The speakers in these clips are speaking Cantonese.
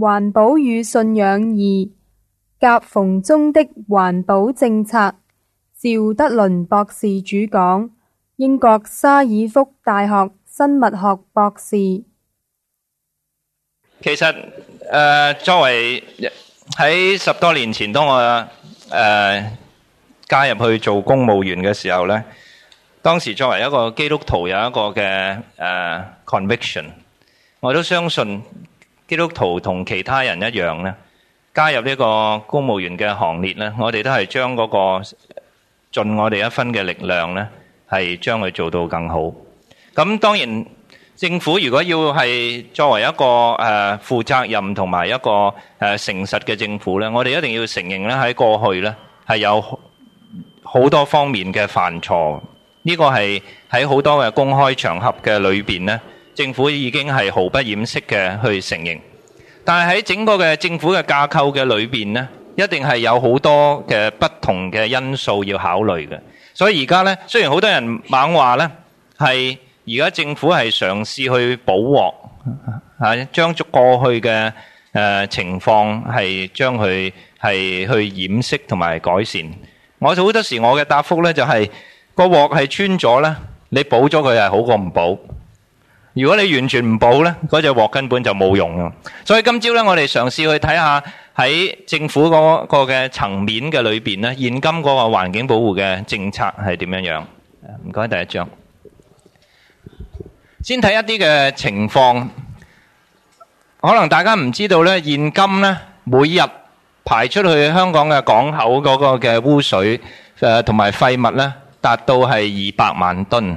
環保與信仰二夾縫中的環保政策，趙德麟博士主講，英國沙爾福大學生物學博士。其實，誒，作為喺十多年前當我誒加入去做公務員嘅時候咧，當時作為一個基督徒有一個嘅誒 conviction，我都相信。基督徒同其他人一樣咧，加入呢個公務員嘅行列咧，我哋都係將嗰個盡我哋一分嘅力量咧，係將佢做到更好。咁當然，政府如果要係作為一個誒負責任同埋一個誒誠實嘅政府咧，我哋一定要承認咧，喺過去咧係有好多方面嘅犯錯。呢個係喺好多嘅公開場合嘅裏邊咧。政府已經係毫不掩飾嘅去承認，但係喺整個嘅政府嘅架構嘅裏邊咧，一定係有好多嘅不同嘅因素要考慮嘅。所以而家咧，雖然好多人猛話咧，係而家政府係嘗試去補鑊，啊將住過去嘅誒情況係將佢係去掩飾同埋改善。我就好多時我嘅答覆咧就係個鑊係穿咗咧，你補咗佢係好過唔補。如果你完全唔保呢，嗰隻鑊根本就冇用啦。所以今朝呢，我哋嘗試去睇下喺政府嗰個嘅層面嘅裏邊呢，現今嗰個環境保護嘅政策係點樣樣？唔該，第一張，先睇一啲嘅情況。可能大家唔知道呢，現今呢，每日排出去香港嘅港口嗰個嘅污水誒同埋廢物呢，達到係二百萬噸。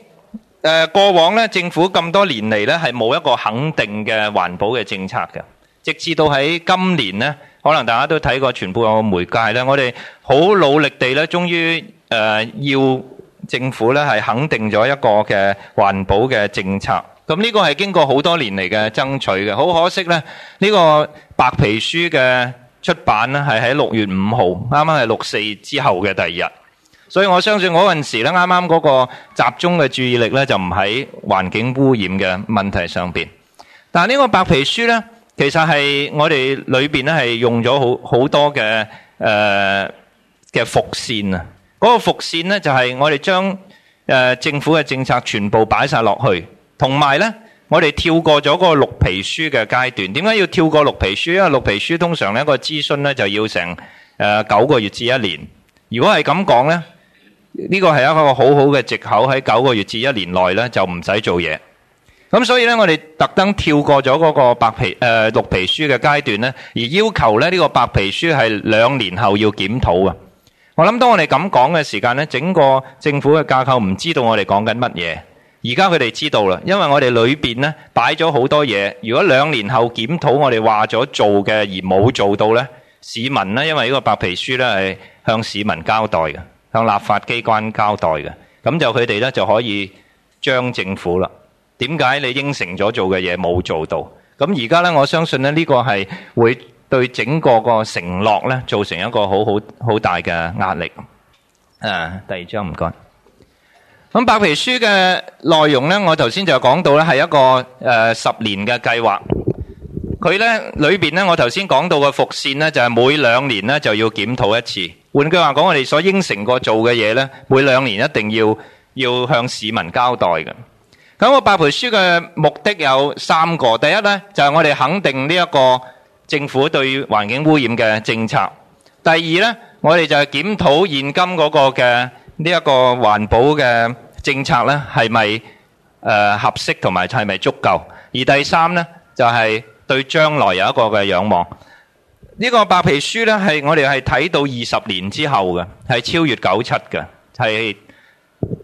誒過往咧，政府咁多年嚟咧，係冇一個肯定嘅環保嘅政策嘅，直至到喺今年咧，可能大家都睇過全部嘅媒介咧，我哋好努力地咧，終於誒、呃、要政府咧係肯定咗一個嘅環保嘅政策。咁呢個係經過好多年嚟嘅爭取嘅，好可惜咧，呢、呢個白皮書嘅出版咧係喺六月五號，啱啱係六四之後嘅第二日。所以我相信嗰陣時咧，啱啱嗰個集中嘅注意力咧，就唔喺環境污染嘅問題上邊。但係呢個白皮書咧，其實係我哋裏邊咧係用咗好好多嘅誒嘅伏線啊！嗰、那個伏線咧就係、是、我哋將誒、呃、政府嘅政策全部擺晒落去，同埋咧我哋跳過咗個綠皮書嘅階段。點解要跳過綠皮書？因為綠皮書通常咧個諮詢咧就要成誒、呃、九個月至一年。如果係咁講咧。呢個係一個好好嘅藉口，喺九個月至一年內呢，就唔使做嘢。咁所以呢，我哋特登跳過咗嗰個白皮誒、呃、綠皮書嘅階段呢，而要求呢，呢個白皮書係兩年後要檢討嘅。我諗，當我哋咁講嘅時間呢，整個政府嘅架構唔知道我哋講緊乜嘢。而家佢哋知道啦，因為我哋裏邊呢擺咗好多嘢。如果兩年後檢討，我哋話咗做嘅而冇做到呢，市民呢，因為呢個白皮書呢係向市民交代嘅。向立法機關交代嘅，咁就佢哋咧就可以將政府啦。點解你應承咗做嘅嘢冇做到？咁而家咧，我相信咧呢個係會對整個個承諾咧造成一個好好好大嘅壓力。誒，第二張唔該。咁白皮書嘅內容咧，我頭先就講到咧係一個誒十年嘅計劃。佢咧裏邊咧，我頭先講到嘅伏線咧，就係每兩年咧就要檢討一次。換句話講，我哋所應承過做嘅嘢咧，每兩年一定要要向市民交代嘅。咁我白皮書嘅目的有三個，第一咧就係我哋肯定呢一個政府對環境污染嘅政策；第二咧，我哋就係檢討現今嗰個嘅呢一個環保嘅政策咧，係咪誒合適同埋係咪足夠？而第三咧，就係對將來有一個嘅仰望。呢、這個白皮書呢，係我哋係睇到二十年之後嘅，係超越九七嘅，係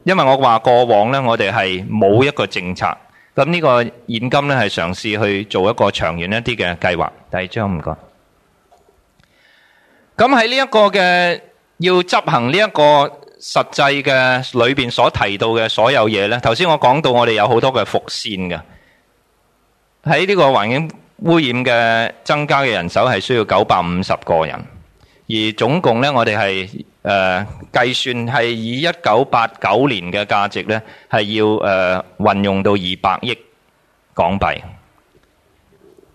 因為我話過往呢，我哋係冇一個政策，咁呢個現今呢，係嘗試去做一個長遠一啲嘅計劃。第二張唔該，咁喺呢一個嘅要執行呢一個實際嘅裏邊所提到嘅所有嘢呢，頭先我講到我哋有好多嘅伏線嘅，喺呢個環境。污染嘅增加嘅人手係需要九百五十個人，而總共咧，我哋係誒計算係以一九八九年嘅價值咧，係要誒運用到二百億港幣。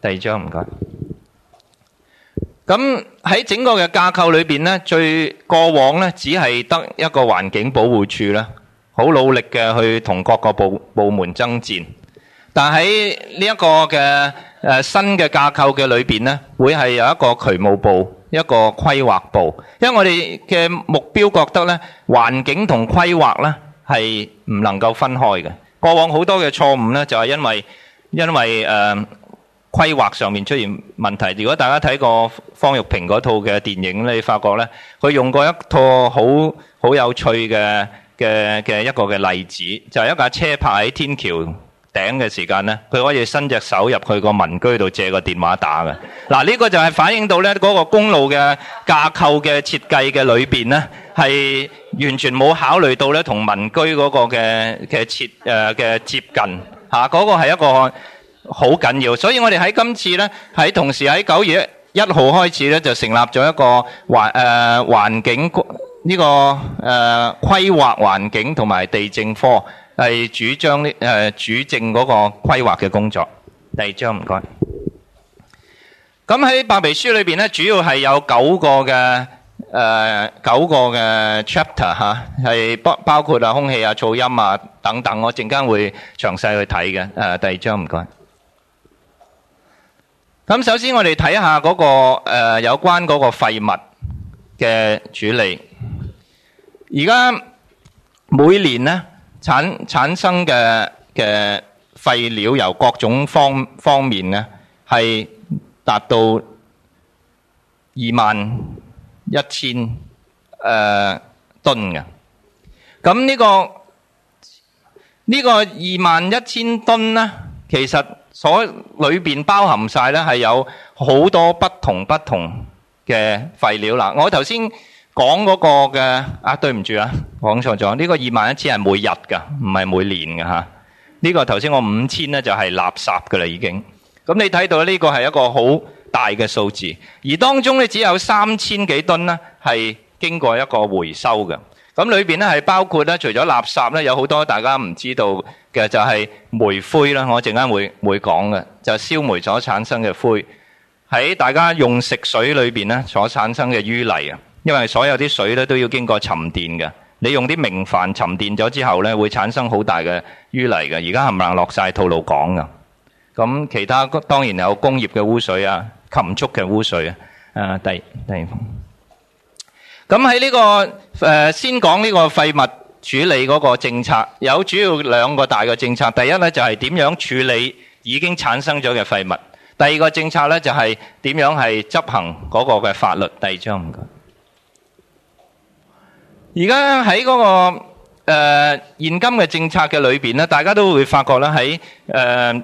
第二張唔該。咁喺整個嘅架構裏邊咧，最過往咧只係得一個環境保護處啦，好努力嘅去同各個部部門爭戰。但喺呢一個嘅誒新嘅架構嘅裏邊呢，會係有一個渠務部，一個規劃部，因為我哋嘅目標覺得呢，環境同規劃呢係唔能夠分開嘅。過往好多嘅錯誤呢，就係因為因為誒規劃上面出現問題。如果大家睇過方玉平嗰套嘅電影，你發覺呢，佢用過一套好好有趣嘅嘅嘅一個嘅例子，就係一架車泊喺天橋。頂嘅時間呢，佢可以伸隻手入去個民居度借個電話打嘅。嗱，呢個就係反映到呢，嗰個公路嘅架構嘅設計嘅裏邊呢，係完全冇考慮到呢同民居嗰個嘅嘅設誒嘅接近嚇，嗰個係一個好緊要。所以我哋喺今次呢，喺同時喺九月一號開始呢，就成立咗一個環誒環境呢個誒規劃環境同埋地政科。係主張呢誒，主政嗰個規劃嘅工作。第二章唔該。咁喺白皮書裏邊咧，主要係有九個嘅誒，九個嘅 chapter 吓，係包包括啊空氣啊噪音啊等等。我陣間會詳細去睇嘅。誒，第二章唔該。咁首先我哋睇下嗰個誒有關嗰個廢物嘅處理。而家每年呢。產，產生嘅嘅廢料由各種方方面咧，係達到二萬一千誒、呃、噸嘅。咁呢、呢個呢、呢個二萬一千噸咧，其實所裏邊包含晒咧係有好多不同不同嘅廢料啦。我頭先。講嗰個嘅啊，對唔住啊，講錯咗。呢個二萬一千係每日噶，唔係每年噶吓。呢個頭先我五千咧就係垃圾噶啦已經。咁你睇到呢個係一個好大嘅數字，而當中咧只有三千幾噸咧係經過一個回收嘅。咁裏邊咧係包括咧，除咗垃圾咧，有好多大家唔知道嘅就係煤灰啦。我陣間會會講嘅就係燒煤所產生嘅灰，喺大家用食水裏邊咧所產生嘅淤泥啊。因為所有啲水咧都要經過沉澱嘅，你用啲明矾沉澱咗之後咧會產生好大嘅淤泥嘅，而家冚唪唥落晒吐露港㗎。咁其他當然有工業嘅污水啊、禽畜嘅污水啊，誒、啊，第第咁喺呢個誒、呃、先講呢個廢物處理嗰個政策，有主要兩個大嘅政策，第一咧就係、是、點樣處理已經產生咗嘅廢物，第二個政策咧就係、是、點樣係執行嗰個嘅法律，第二張。唔該。而家喺嗰個誒現今嘅政策嘅裏邊咧，大家都會發覺咧喺誒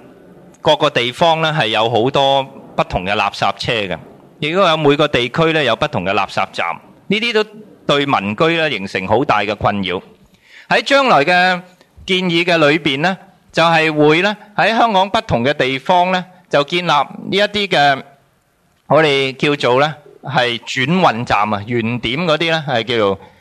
各個地方咧係有好多不同嘅垃圾車嘅，亦都有每個地區咧有不同嘅垃圾站，呢啲都對民居咧形成好大嘅困擾。喺將來嘅建議嘅裏邊咧，就係會咧喺香港不同嘅地方咧就建立呢一啲嘅我哋叫做咧係轉運站啊，原點嗰啲咧係叫做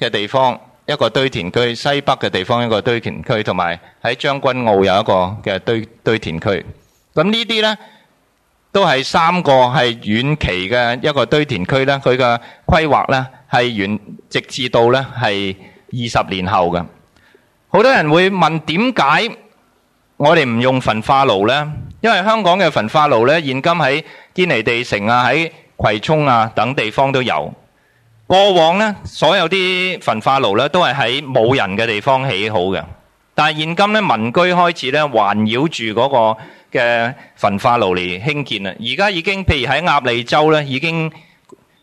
嘅地方，一個堆填區西北嘅地方，一個堆填區，同埋喺將軍澳有一個嘅堆堆填區。咁呢啲呢都係三個係遠期嘅一個堆填區啦。佢嘅規劃呢係遠直至到呢係二十年後嘅。好多人會問點解我哋唔用焚化爐呢？因為香港嘅焚化爐呢，現今喺堅尼地城啊、喺葵涌啊等地方都有。過往咧，所有啲焚化爐咧都係喺冇人嘅地方起好嘅，但係現今咧，民居開始咧環繞住嗰個嘅焚化爐嚟興建啦。而家已經，譬如喺鴨脷洲咧，已經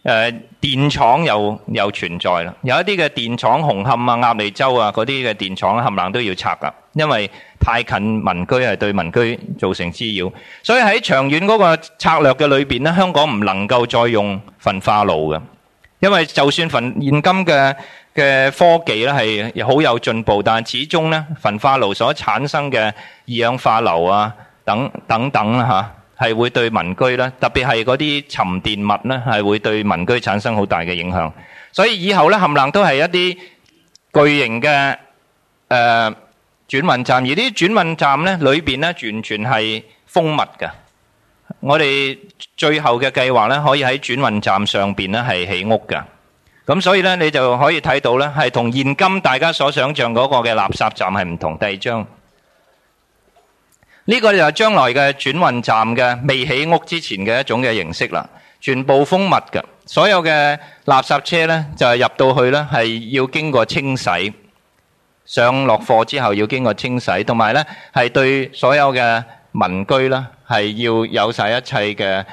誒電廠又又存在啦。有一啲嘅電廠紅磡啊、鴨脷洲啊嗰啲嘅電廠，冚唪唥都要拆噶，因為太近民居係對民居造成滋擾，所以喺長遠嗰個策略嘅裏邊咧，香港唔能夠再用焚化爐嘅。因為就算焚現今嘅嘅科技咧係好有進步，但係始終咧焚化爐所產生嘅二氧化硫啊等等等啦吓，係會對民居咧，特別係嗰啲沉澱物咧，係會對民居產生好大嘅影響。所以以後咧，冚唪唥都係一啲巨型嘅誒轉運站，而啲轉運站咧裏邊咧完全係封密嘅。我哋最後嘅計劃咧，可以喺轉運站上邊咧係起屋噶，咁所以咧，你就可以睇到咧，係同現今大家所想象嗰個嘅垃圾站係唔同。第二張呢個就係將來嘅轉運站嘅未起屋之前嘅一種嘅形式啦，全部封密噶，所有嘅垃圾車咧就係入到去咧係要經過清洗，上落貨之後要經過清洗，同埋咧係對所有嘅民居啦，係要有晒一切嘅，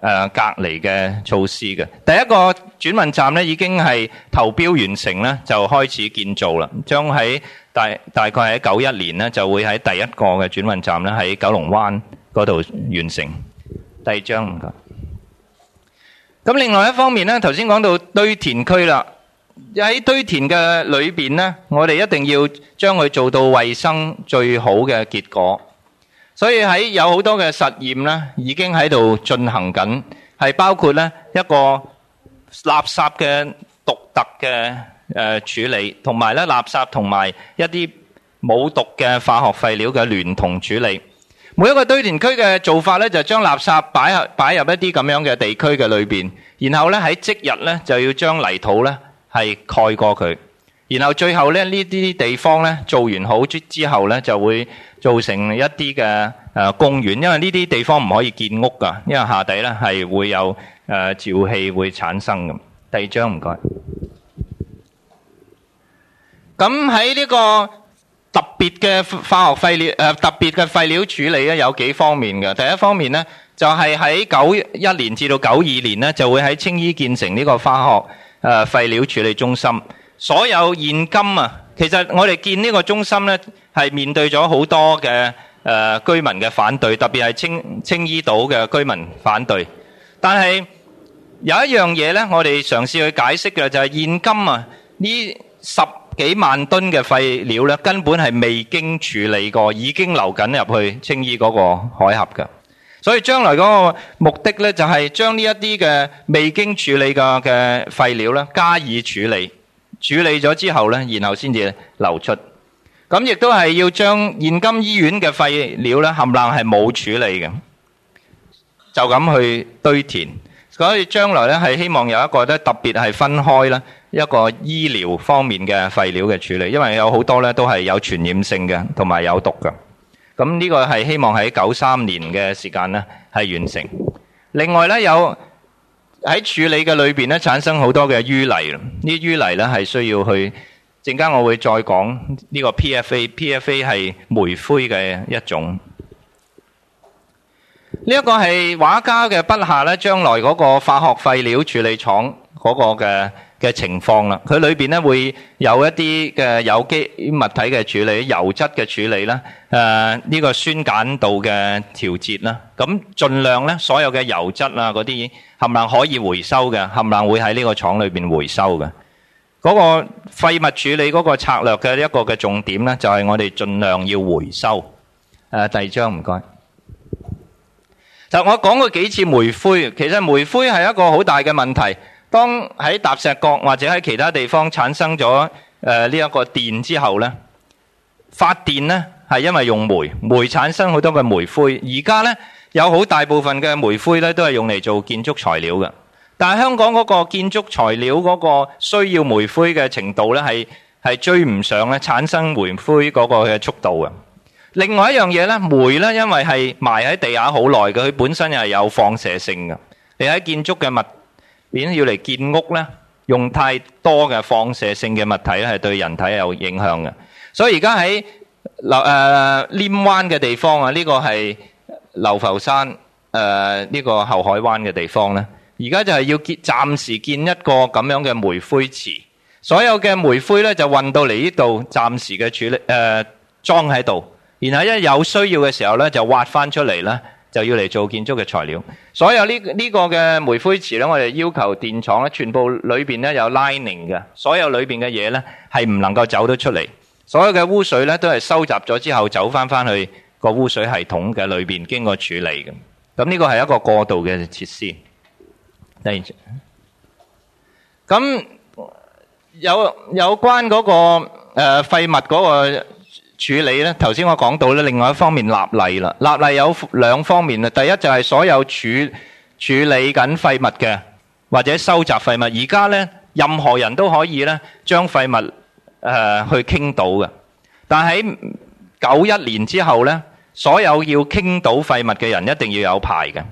誒隔離嘅措施嘅。第一個轉運站咧已經係投標完成咧，就開始建造啦。將喺大大概喺九一年咧，就會喺第一個嘅轉運站咧喺九龍灣嗰度完成。第二張唔該。咁另外一方面咧，頭先講到堆填區啦，喺堆填嘅裏邊咧，我哋一定要將佢做到衛生最好嘅結果。所以喺有好多嘅實驗咧，已經喺度進行緊，係包括咧一個垃圾嘅獨特嘅誒處理，同埋咧垃圾同埋一啲冇毒嘅化學廢料嘅聯同處理。每一個堆填區嘅做法咧，就將垃圾擺入擺入一啲咁樣嘅地區嘅裏邊，然後咧喺即日咧就要將泥土咧係蓋過佢，然後最後咧呢啲地方咧做完好之之後咧就會。造成一啲嘅誒公園，因為呢啲地方唔可以建屋㗎，因為下底咧係會有誒沼氣會產生咁。第二張唔該。咁喺呢個特別嘅化學廢料誒特別嘅廢料處理咧有幾方面嘅。第一方面咧就係喺九一年至到九二年咧就會喺青衣建成呢個化學誒廢料處理中心，所有現金啊。其實我哋建呢個中心咧，係面對咗好多嘅誒居民嘅反對，特別係青青衣島嘅居民反對。但係有一樣嘢咧，我哋嘗試去解釋嘅就係，現今啊呢十幾萬噸嘅廢料咧，根本係未經處理過，已經流緊入去青衣嗰個海峽噶。所以將來嗰個目的咧，就係將呢一啲嘅未經處理過嘅廢料咧，加以處理。處理咗之後呢，然後先至流出。咁亦都係要將現今醫院嘅廢料呢，冚唪唥係冇處理嘅，就咁去堆填。所以將來呢係希望有一個咧特別係分開啦，一個醫療方面嘅廢料嘅處理，因為有好多呢都係有傳染性嘅同埋有毒嘅。咁呢個係希望喺九三年嘅時間呢係完成。另外呢有。喺處理嘅裏邊咧，產生好多嘅淤泥，呢啲淤泥咧係需要去。陣間我會再講呢個 PFA，PFA 係煤灰嘅一種。呢一個係畫家嘅筆下咧，將來嗰個化學廢料處理廠嗰個嘅。嘅情況啦，佢裏邊咧會有一啲嘅有機物體嘅處理、油質嘅處理啦，誒呢個酸鹼度嘅調節啦，咁儘量咧所有嘅油質啊嗰啲，冚唪唥可以回收嘅，冚唪唥會喺呢個廠裏邊回收嘅。嗰個廢物處理嗰個策略嘅一個嘅重點咧，就係我哋儘量要回收。誒，第二張唔該。就我講過幾次煤灰，其實煤灰係一個好大嘅問題。當喺踏石角或者喺其他地方產生咗誒呢一個電之後咧，發電咧係因為用煤，煤產生好多嘅煤灰。而家咧有好大部分嘅煤灰咧都係用嚟做建築材料嘅。但係香港嗰個建築材料嗰個需要煤灰嘅程度咧係係追唔上咧產生煤灰嗰個嘅速度嘅。另外一樣嘢咧，煤咧因為係埋喺地下好耐嘅，佢本身又係有放射性嘅。你喺建築嘅物。點要嚟建屋咧？用太多嘅放射性嘅物體咧，係對人體有影響嘅。所以而家喺流誒稔灣嘅地方啊，呢個係流浮山誒呢個後海灣嘅地方咧。而家就係要建，暫時建一個咁樣嘅煤灰池，所有嘅煤灰咧就運到嚟呢度，暫時嘅處理誒裝喺度，然後一有需要嘅時候咧就挖翻出嚟啦。就要嚟做建築嘅材料。所有呢呢個嘅煤灰池咧，我哋要求電廠咧，全部裏邊咧有 lining 嘅，所有裏邊嘅嘢咧係唔能夠走得出嚟。所有嘅污水咧都係收集咗之後走翻翻去個污水系統嘅裏邊經過處理嘅。咁呢個係一個過渡嘅設施。第二，咁有有關嗰個誒廢物嗰個。處理咧，頭先我講到咧，另外一方面立例啦。立例有兩方面啦。第一就係所有處處理緊廢物嘅或者收集廢物，而家咧任何人都可以咧將廢物誒去傾倒嘅。但喺九一年之後咧，所有要傾倒廢物嘅人一定要有牌嘅。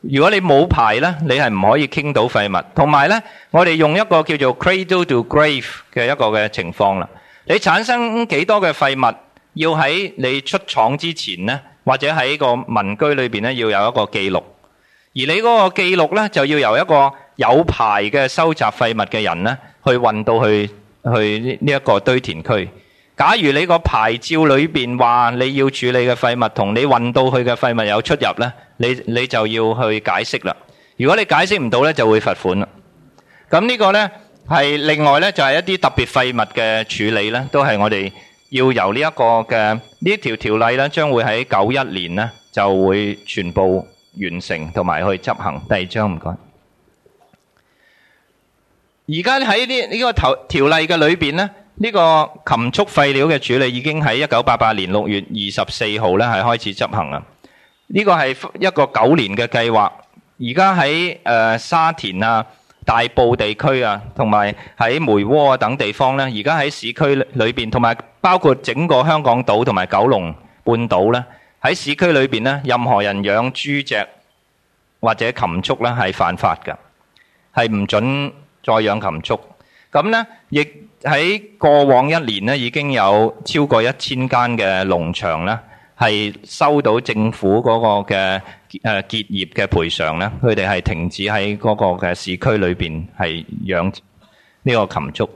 如果你冇牌咧，你係唔可以傾倒廢物。同埋咧，我哋用一個叫做 cradle to grave 嘅一個嘅情況啦。你產生幾多嘅廢物，要喺你出廠之前呢，或者喺個民居裏邊咧，要有一個記錄。而你嗰個記錄呢，就要由一個有牌嘅收集廢物嘅人呢，去運到去去呢一個堆填區。假如你個牌照裏邊話你要處理嘅廢物同你運到去嘅廢物有出入呢，你你就要去解釋啦。如果你解釋唔到呢，就會罰款啦。咁呢個呢。係另外咧，就係一啲特別廢物嘅處理咧，都係我哋要由呢一個嘅呢條條例咧，將會喺九一年咧就會全部完成同埋去執行。第二章唔該。而家喺呢呢個條條例嘅裏邊咧，呢、這個禽畜廢料嘅處理已經喺一九八八年六月二十四號咧係開始執行啦。呢個係一個九年嘅計劃。而家喺誒沙田啊。大埔地區啊，同埋喺梅窩啊等地方咧，而家喺市區裏面，同埋包括整個香港島同埋九龍半島咧，喺市區裏面咧，任何人養豬隻或者禽畜咧，係犯法㗎，係唔准再養禽畜。咁咧，亦喺過往一年咧，已經有超過一千間嘅農場咧，係收到政府嗰個嘅。誒結業嘅賠償咧，佢哋係停止喺嗰個嘅市區裏邊係養呢個禽畜。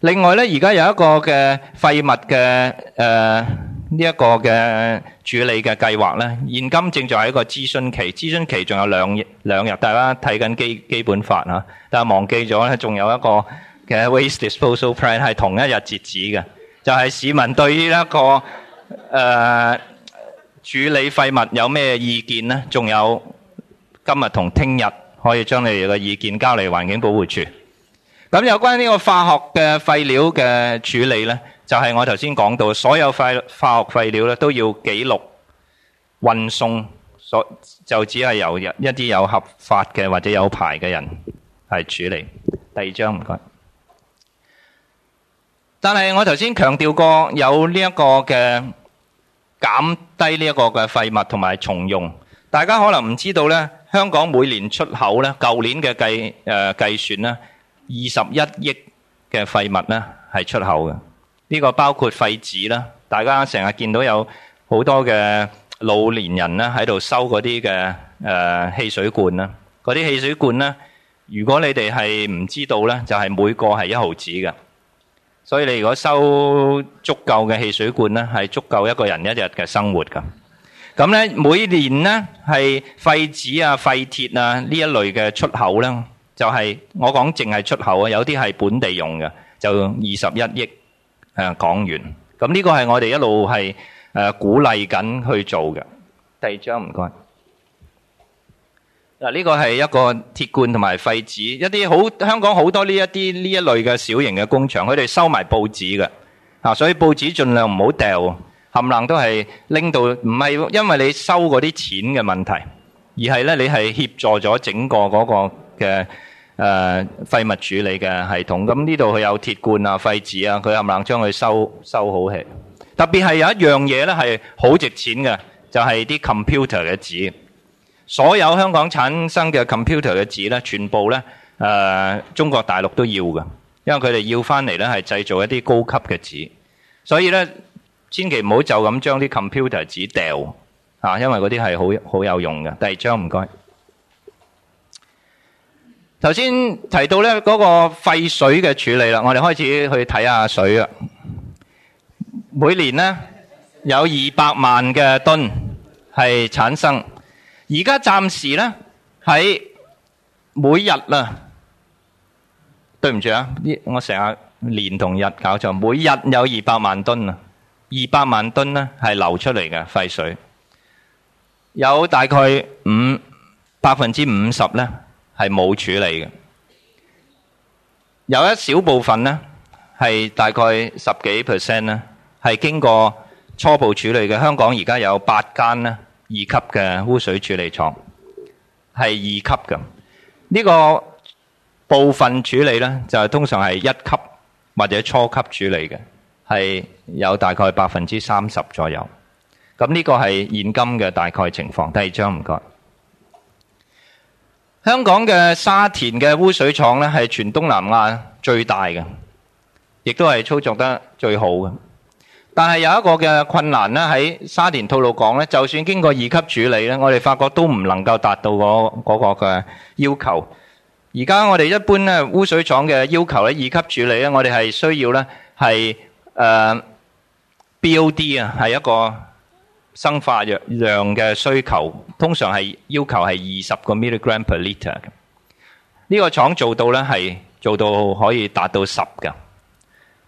另外咧，而家有一個嘅廢物嘅誒呢一個嘅處理嘅計劃咧，現今正在一個諮詢期，諮詢期仲有兩兩日。大家睇緊基基本法啊，但係忘記咗咧，仲有一個嘅 Waste Disposal Plan 係同一日截止嘅，就係、是、市民對於一個誒。呃處理廢物有咩意見呢？仲有今日同聽日可以將你哋嘅意見交嚟環境保護處。咁有關呢個化學嘅廢料嘅處理呢，就係、是、我頭先講到，所有廢化學廢料咧都要記錄、運送，所就只係由一啲有合法嘅或者有牌嘅人係處理。第二張唔該。但係我頭先強調過，有呢一個嘅。減低呢一個嘅廢物同埋重用，大家可能唔知道呢，香港每年出口呢，舊年嘅計算呢，二十一億嘅廢物呢係出口嘅。呢、呢個包括廢紙啦，大家成日見到有好多嘅老年人呢喺度收嗰啲嘅誒汽水罐啦，嗰啲汽水罐呢，如果你哋係唔知道呢，就係、是、每個係一毫紙嘅。所以你如果收足夠嘅汽水罐咧，係足夠一個人一日嘅生活㗎。咁咧每年咧係廢紙啊、廢鐵啊呢一類嘅出口咧，就係我講淨係出口啊，有啲係本地用嘅，就二十一億誒港元。咁呢個係我哋一路係誒鼓勵緊去做嘅。第二張唔該。嗱，呢個係一個鐵罐同埋廢紙，一啲好香港好多呢一啲呢一類嘅小型嘅工廠，佢哋收埋報紙嘅，啊，所以報紙盡量唔好掉，冚唪唥都係拎到，唔係因為你收嗰啲錢嘅問題，而係咧你係協助咗整個嗰個嘅誒廢物處理嘅系統。咁呢度佢有鐵罐啊、廢紙啊，佢冚唪唥將佢收收好起。特別係有一樣嘢咧係好值錢嘅，就係啲 computer 嘅紙。所有香港產生嘅 computer 嘅紙咧，全部咧，誒、呃、中國大陸都要嘅，因為佢哋要翻嚟咧，係製造一啲高級嘅紙，所以咧，千祈唔好就咁將啲 computer 紙掉啊，因為嗰啲係好好有用嘅。第二張唔該。頭先提到咧嗰、嗰個廢水嘅處理啦，我哋開始去睇下水啊。每年呢，有二百萬嘅噸係產生。而家暫時咧，喺每日啊，對唔住啊，我成日連同日搞錯。每日有二百萬噸啊，二百萬噸呢係流出嚟嘅廢水，有大概五，百分之五十呢係冇處理嘅，有一小部分呢係大概十幾 percent 咧係經過初步處理嘅。香港而家有八間咧。二級嘅污水處理廠係二級嘅。呢個部分處理呢，就係通常係一級或者初級處理嘅，係有大概百分之三十左右。咁呢個係現今嘅大概情況。第二張唔該，香港嘅沙田嘅污水廠呢，係全東南亞最大嘅，亦都係操作得最好嘅。但係有一個嘅困難咧，喺沙田吐露港咧，就算經過二級處理咧，我哋發覺都唔能夠達到嗰、嗰、嗰個嘅、嗰個、要求。而家我哋一般咧污水廠嘅要求咧，二級處理咧，我哋係需要咧係誒 BOD 啊，係一個生化藥量嘅需求，通常係要求係二十個 milligram per liter。呢個廠做到咧係做到可以達到十嘅。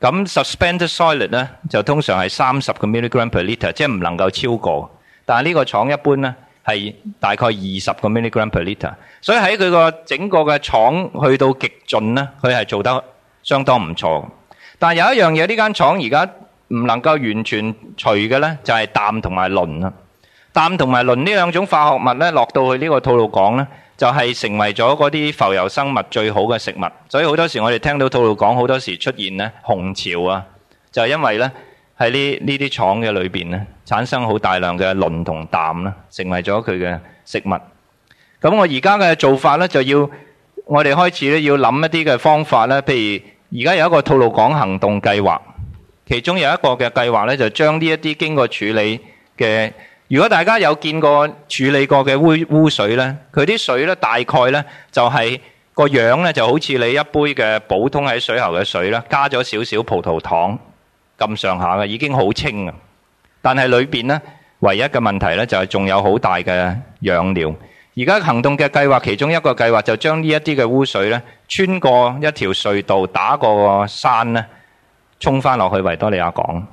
咁 suspended solid 呢，咧就通常係三十個 milligram per litre，即係唔能夠超過。但係呢個廠一般咧係大概二十個 milligram per litre，所以喺佢個整個嘅廠去到極盡咧，佢係做得相當唔錯。但係有一樣嘢呢間廠而家唔能夠完全除嘅咧，就係氮同埋磷啦。氮同埋磷呢兩種化學物咧，落到去呢個吐露港咧。就係、是、成為咗嗰啲浮游生物最好嘅食物，所以好多時我哋聽到吐露港好多時出現咧紅潮啊，就係、因為咧喺呢呢啲廠嘅裏邊咧產生好大量嘅磷同氮啦，成為咗佢嘅食物。咁我而家嘅做法咧就要我哋開始咧要諗一啲嘅方法咧，譬如而家有一個吐露港行動計劃，其中有一個嘅計劃咧就將呢一啲經過處理嘅。如果大家有見過處理過嘅污污水呢，佢啲水呢大概呢就係個樣呢，就好似你一杯嘅普通喺水喉嘅水啦，加咗少少葡萄糖咁上下嘅，已經好清啊！但係裏面呢，唯一嘅問題呢就係仲有好大嘅養料。而家行動嘅計劃其中一個計劃，就將呢一啲嘅污水呢，穿過一條隧道，打過個山呢沖翻落去維多利亞港。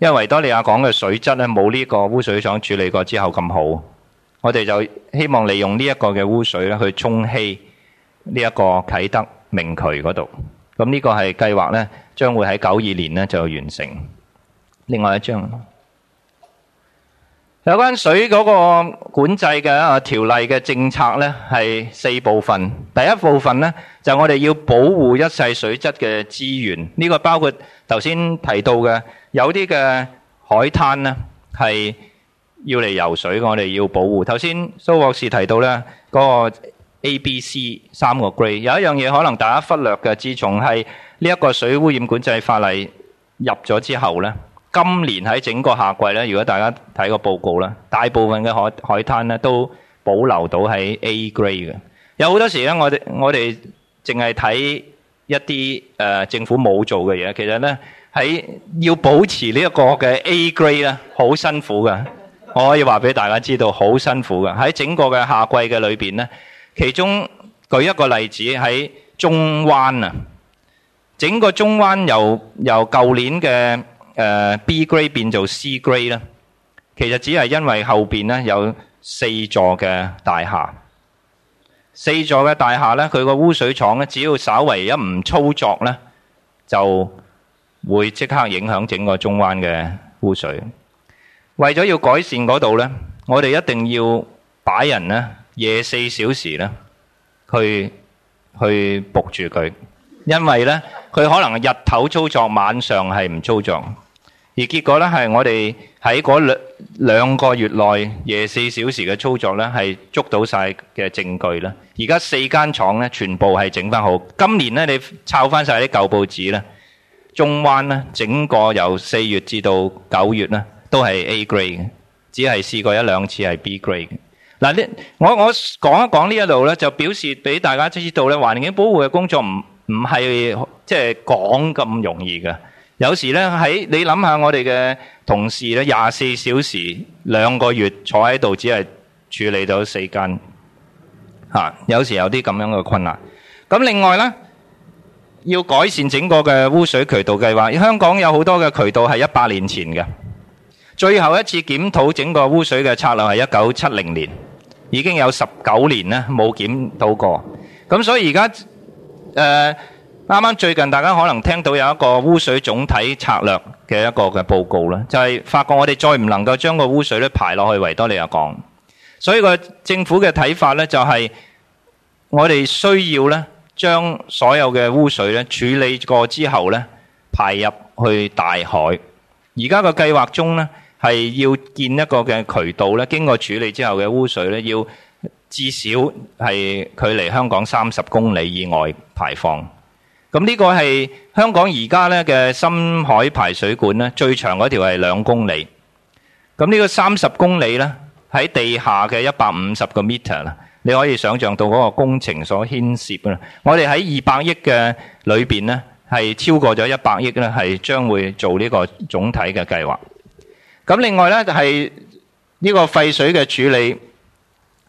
因為維多利亞港嘅水質咧冇呢個污水廠處理過之後咁好，我哋就希望利用呢一個嘅污水咧去沖稀呢一個啟德明渠嗰度，咁呢個係計劃咧將會喺九二年咧就完成。另外一張。有關水嗰個管制嘅啊條例嘅政策呢，係四部分。第一部分呢，就我哋要保護一切水質嘅資源。呢個包括頭先提到嘅有啲嘅海灘呢，係要嚟游水，我哋要保護。頭先蘇博士提到呢嗰個 A、B、C 三個 grade，有一樣嘢可能大家忽略嘅，自從係呢一個水污染管制法例入咗之後呢。今年喺整個夏季咧，如果大家睇個報告咧，大部分嘅海海灘咧都保留到喺 A grade 嘅。有好多時咧，我哋我哋淨係睇一啲誒政府冇做嘅嘢，其實咧喺要保持呢一個嘅 A grade 咧，好辛苦㗎。我可以話俾大家知道，好辛苦㗎。喺整個嘅夏季嘅裏邊咧，其中舉一個例子喺中灣啊，整個中灣由由舊年嘅誒，B grade 變做 C grade 咧，其實只係因為後邊咧有四座嘅大廈，四座嘅大廈咧，佢個污水廠咧，只要稍為一唔操作咧，就會即刻影響整個中灣嘅污水。為咗要改善嗰度咧，我哋一定要擺人咧廿四小時咧去去捕住佢。因為咧，佢可能日頭操作，晚上係唔操作，而結果咧係我哋喺嗰兩兩個月內夜四小時嘅操作咧，係捉到晒嘅證據啦。而家四間廠咧，全部係整翻好。今年咧，你抄翻晒啲舊報紙咧，中灣咧，整個由四月至到九月咧，都係 A grade，只係試過一兩次係 B grade。嗱，呢我我講一講呢一度咧，就表示俾大家知道咧，環境保護嘅工作唔。唔係即係講咁容易嘅，有時咧喺你諗下我哋嘅同事咧，廿四小時兩個月坐喺度，只係處理到四間，吓，有時有啲咁樣嘅困難。咁另外咧，要改善整個嘅污水渠道計劃，香港有好多嘅渠道係一百年前嘅，最後一次檢討整個污水嘅策略係一九七零年，已經有十九年咧冇檢討過，咁所以而家。誒、呃，啱啱最近大家可能聽到有一個污水總體策略嘅一個嘅報告，就係、是、發覺我哋再唔能夠將個污水咧排落去維多利亞港，所以個政府嘅睇法咧就係我哋需要咧將所有嘅污水咧處理過之後咧排入去大海。而家個計劃中咧係要建一個嘅渠道咧，經過處理之後嘅污水咧要。至少係距離香港三十公里以外排放。咁呢個係香港而家咧嘅深海排水管咧，最長嗰條係兩公里。咁呢個三十公里咧，喺地下嘅一百五十個 meter 啦，你可以想像到嗰個工程所牽涉啦。我哋喺二百億嘅裏邊咧，係超過咗一百億咧，係將會做呢個總體嘅計劃。咁另外咧就係呢個廢水嘅處理。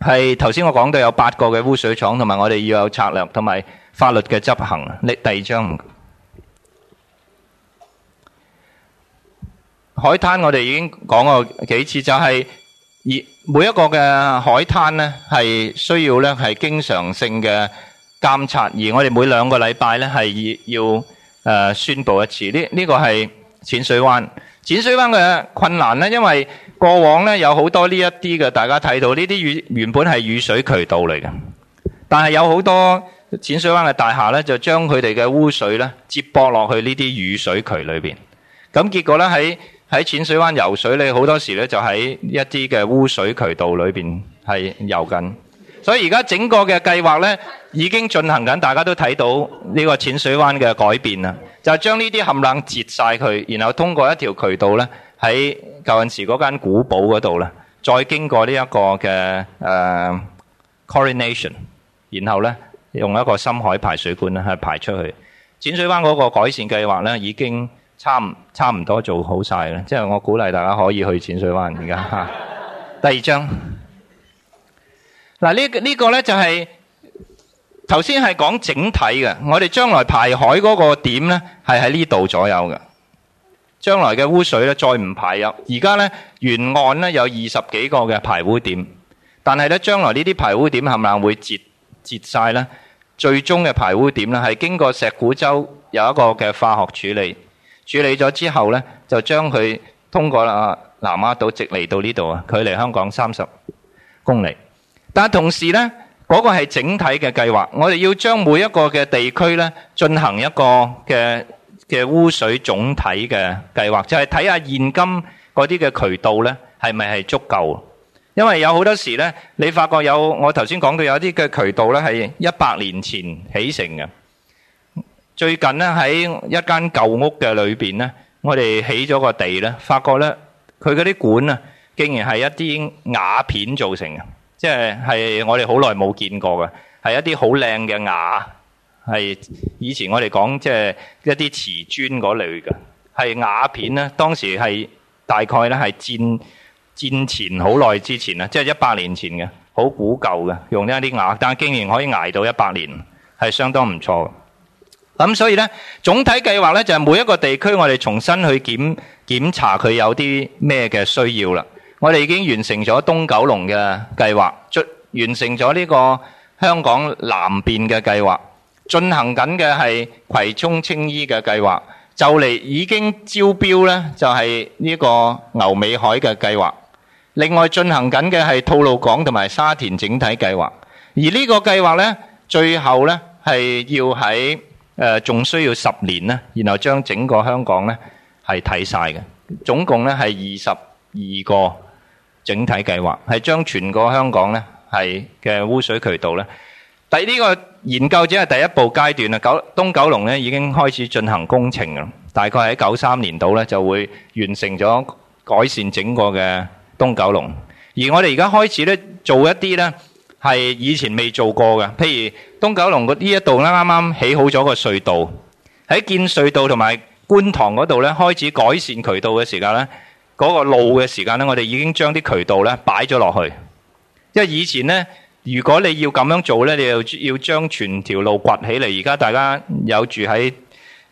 係頭先我講到有八個嘅污水廠，同埋我哋要有策略，同埋法律嘅執行。呢第二章，海灘我哋已經講過幾次，就係、是、而每一個嘅海灘呢係需要呢係經常性嘅監察，而我哋每兩個禮拜呢係要誒宣布一次。呢、這、呢個係淺水灣，淺水灣嘅困難呢，因為。過往咧有好多呢一啲嘅，大家睇到呢啲雨原本係雨水渠道嚟嘅，但係有好多淺水灣嘅大廈咧，就將佢哋嘅污水咧接駁落去呢啲雨水渠裏面。咁結果咧喺喺淺水灣游水咧，好多時咧就喺一啲嘅污水渠道裏面係游緊。所以而家整個嘅計劃咧已經進行緊，大家都睇到呢個淺水灣嘅改變啦，就將呢啲冚冷截晒佢，然後通過一條渠道咧喺，舊陣時嗰間古堡嗰度啦，再經過呢一個嘅誒、uh, chlorination 然後呢，用一個深海排水管咧係排出去。淺水灣嗰個改善計劃呢，已經差唔差唔多做好晒啦，即係我鼓勵大家可以去淺水灣而家吓。 第二張嗱呢呢個咧就係頭先係講整體嘅，我哋將來排海嗰個點呢，係喺呢度左右嘅。將來嘅污水咧，再唔排入，而家咧沿岸咧有二十幾個嘅排污點，但係咧將來呢啲排污點係咪會截截晒咧？最終嘅排污點咧係經過石鼓洲有一個嘅化學處理，處理咗之後咧就將佢通過啦南丫島直嚟到呢度啊，距離香港三十公里。但同時咧嗰個係整體嘅計劃，我哋要將每一個嘅地區咧進行一個嘅嘅污水總體嘅計劃，就係睇下現今嗰啲嘅渠道呢，係咪係足夠？因為有好多時呢，你發覺有我頭先講到有啲嘅渠道呢係一百年前起成嘅。最近呢，喺一間舊屋嘅裏面呢，我哋起咗個地呢，發覺呢，佢嗰啲管啊，竟然係一啲瓦片造成嘅，即係係我哋好耐冇見過嘅，係一啲好靚嘅瓦。係以前我哋講，即係一啲瓷磚嗰類嘅係瓦片咧。當時係大概咧係戰戰前好耐之前啦，即係一百年前嘅好古舊嘅用一啲瓦，但係竟然可以挨到一百年，係相當唔錯。咁所以呢，總體計劃呢，就係每一個地區我哋重新去檢檢查佢有啲咩嘅需要啦。我哋已經完成咗東九龍嘅計劃，完完成咗呢個香港南邊嘅計劃。進行緊嘅係葵涌青衣嘅計劃，就嚟已經招標呢，就係呢個牛尾海嘅計劃。另外進行緊嘅係吐露港同埋沙田整體計劃。而呢個計劃呢，最後呢係要喺誒仲需要十年呢，然後將整個香港呢係睇晒嘅。總共呢係二十二個整體計劃，係將全個香港呢係嘅污水渠道呢。第呢個。研究只係第一步階段啦，九東九龍咧已經開始進行工程啦，大概喺九三年度咧就會完成咗改善整個嘅東九龍。而我哋而家開始咧做一啲咧係以前未做過嘅，譬如東九龍個呢一度咧啱啱起好咗個隧道，喺建隧道同埋觀塘嗰度咧開始改善渠道嘅時間咧，嗰個路嘅時間咧，我哋已經將啲渠道咧擺咗落去，因為以前咧。如果你要咁樣做咧，你就要將全條路掘起嚟。而家大家有住喺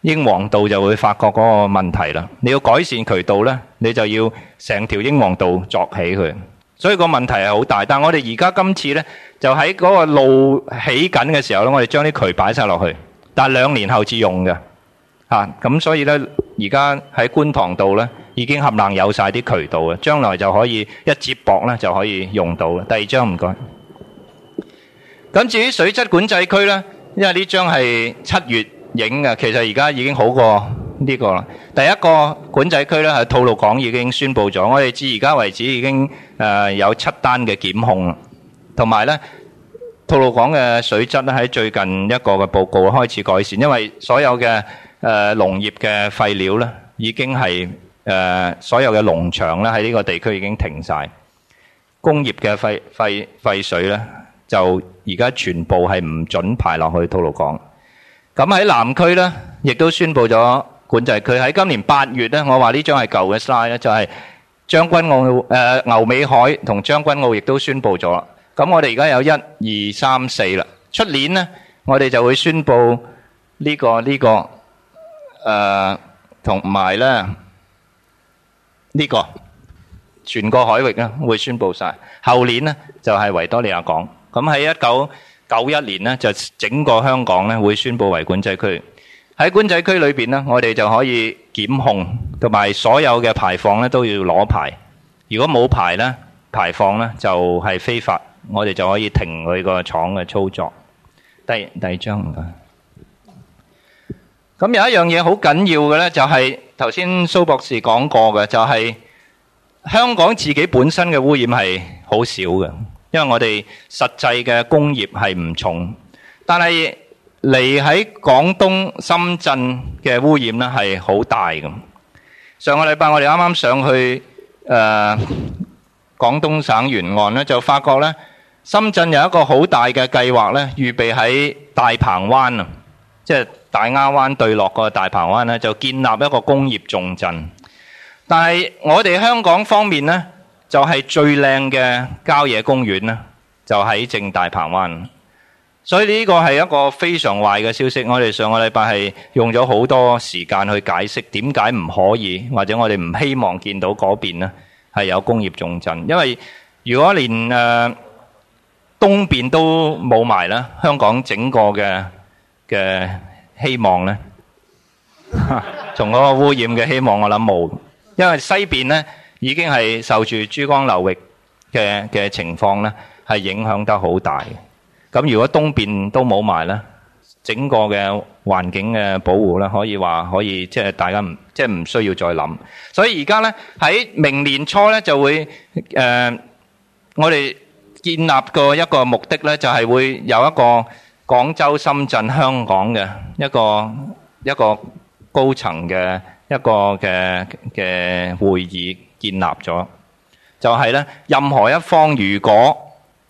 英皇道，就會發覺嗰個問題啦。你要改善渠道咧，你就要成條英皇道作起佢。所以個問題係好大。但係我哋而家今次咧，就喺嗰個路起緊嘅時候咧，我哋將啲渠擺晒落去。但係兩年後至用嘅吓。咁所以咧，而家喺觀塘道咧，已經合能有晒啲渠道嘅，將來就可以一接駁咧就可以用到啦。第二張唔該。咁至於水質管制區呢，因為呢張係七月影嘅，其實而家已經好過呢個啦。第一個管制區呢，係吐露港已經宣布咗，我哋至而家為止已經誒、呃、有七單嘅檢控同埋呢吐露港嘅水質咧喺最近一個嘅報告開始改善，因為所有嘅誒、呃、農業嘅廢料呢，已經係誒、呃、所有嘅農場呢，喺呢個地區已經停晒工業嘅廢廢廢水呢就而家全部係唔准排落去吐露港。咁喺南區呢，亦都宣布咗管制。佢喺今年八月呢，我話呢張係舊嘅 slide 咧，就係將軍澳誒、呃、牛尾海同將軍澳亦都宣布咗。咁我哋而家有一二三四啦。出年呢，我哋就會宣布、呢個呢個呃、呢、呢個呢個誒，同埋咧呢個全個海域咧會宣布晒。後年呢，就係、係、維多利亞港。咁喺一九九一年咧，就整個香港咧會宣布為管制區。喺管制區裏邊咧，我哋就可以檢控同埋所有嘅排放咧都要攞牌。如果冇牌咧，排放咧就係非法，我哋就可以停佢個廠嘅操作。第第二張唔該。咁有一樣嘢好緊要嘅咧，就係頭先蘇博士講過嘅，就係香港自己本身嘅污染係好少嘅。因為我哋實際嘅工業係唔重，但係嚟喺廣東深圳嘅污染咧係好大嘅。上個禮拜我哋啱啱上去誒、呃、廣東省沿岸咧，就發覺呢，深圳有一個好大嘅計劃呢，預備喺大鵬灣啊，即係、就是、大亞灣對落個大鵬灣咧，就建立一個工業重鎮。但係我哋香港方面呢就係、是、最靚嘅郊野公園啦，就喺、是、正大鵬灣。所以呢個係一個非常壞嘅消息。我哋上個禮拜係用咗好多時間去解釋點解唔可以，或者我哋唔希望見到嗰邊咧係有工業重鎮，因為如果連誒、呃、東邊都冇埋咧，香港整個嘅嘅希望咧， 從嗰個污染嘅希望我諗冇，因為西邊呢。已經係受住珠江流域嘅嘅情況咧，係影響得好大嘅。咁如果東邊都冇埋咧，整個嘅環境嘅保護咧，可以話可以即係大家唔即係唔需要再諗。所以而家咧喺明年初咧就會誒，我哋建立個一個目的咧，就係會有一個廣州、深圳、香港嘅一個一個高層嘅一個嘅嘅會議。建立咗，就係咧，任何一方如果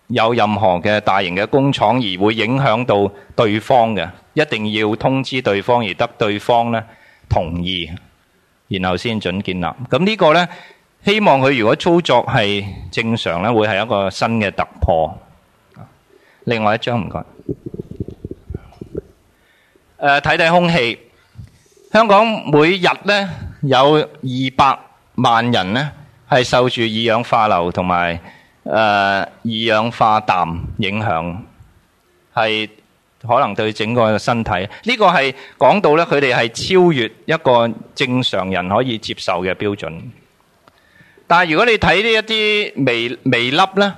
有任何嘅大型嘅工廠而會影響到對方嘅，一定要通知對方而得對方咧同意，然後先准建立。咁呢個咧，希望佢如果操作係正常咧，會係一個新嘅突破。另外一張唔該，誒，睇睇空氣，香港每日咧有二百。萬人呢係受住二氧化硫同埋誒二氧化氮影響，係可能對整個身體呢個係講到呢，佢哋係超越一個正常人可以接受嘅標準。但係如果你睇呢一啲微微粒呢，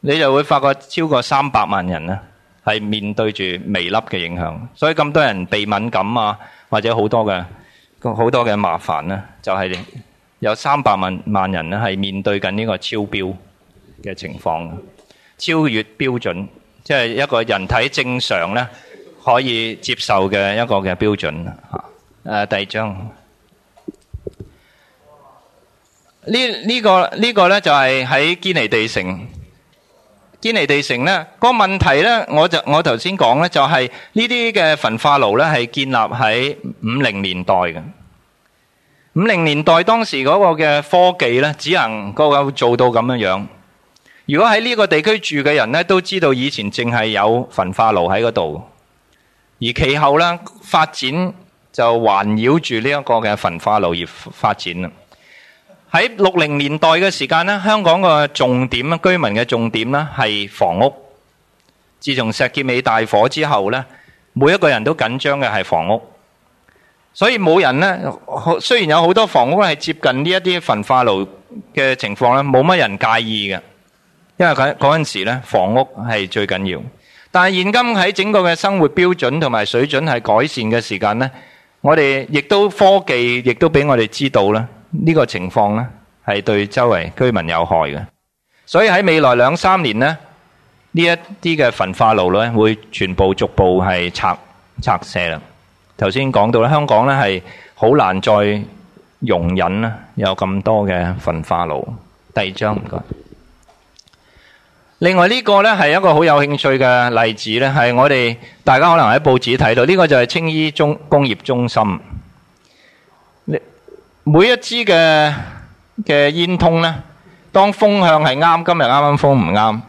你就會發覺超過三百萬人呢係面對住微粒嘅影響，所以咁多人鼻敏感啊，或者好多嘅好多嘅麻煩呢，就係。有三百萬萬人咧，係面對緊呢個超標嘅情況，超越標準，即係一個人體正常呢可以接受嘅一個嘅標準。嚇、啊，誒第二張，呢呢、這個呢、這個呢，就係喺堅尼地城，堅尼地城呢、那個問題呢，我就我頭先講呢，就係呢啲嘅焚化爐呢，係建立喺五零年代嘅。五零年代當時嗰個嘅科技咧，只能夠做到咁樣樣。如果喺呢個地區住嘅人咧，都知道以前淨係有焚化爐喺嗰度，而其後咧，發展就環繞住呢一個嘅焚化爐而發展啦。喺六零年代嘅時間咧，香港個重點，居民嘅重點啦，係房屋。自從石硤尾大火之後咧，每一個人都緊張嘅係房屋。所以冇人咧，雖然有好多房屋係接近呢一啲焚化爐嘅情況咧，冇乜人介意嘅，因為嗰陣時咧房屋係最緊要。但係現今喺整個嘅生活標準同埋水準係改善嘅時間咧，我哋亦都科技亦都俾我哋知道啦，呢、呢個情況咧係對周圍居民有害嘅。所以喺未來兩三年咧，呢一啲嘅焚化爐咧會全部逐步係拆拆卸啦。頭先講到咧，香港咧係好難再容忍啦，有咁多嘅焚化爐。第二張唔該。另外呢個咧係一個好有興趣嘅例子咧，係我哋大家可能喺報紙睇到呢個就係青衣中工業中心。你每一支嘅嘅煙通咧，當風向係啱，今日啱啱風唔啱，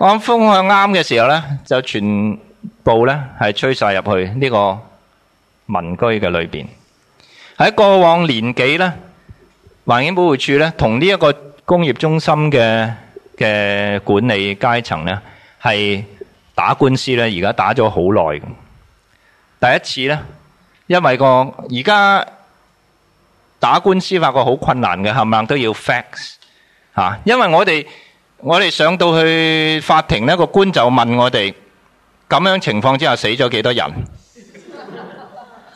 我風向啱嘅時候咧，就全部咧係吹晒入去呢個。民居嘅裏邊，喺過往年紀咧，環境保護處咧，同呢一個工業中心嘅嘅管理階層咧，係打官司咧，而家打咗好耐。第一次咧，因為個而家打官司發覺好困難嘅，冚唪唥都要 facts 吓？因為我哋我哋上到去法庭咧，個官就問我哋咁樣情況之下死咗幾多人。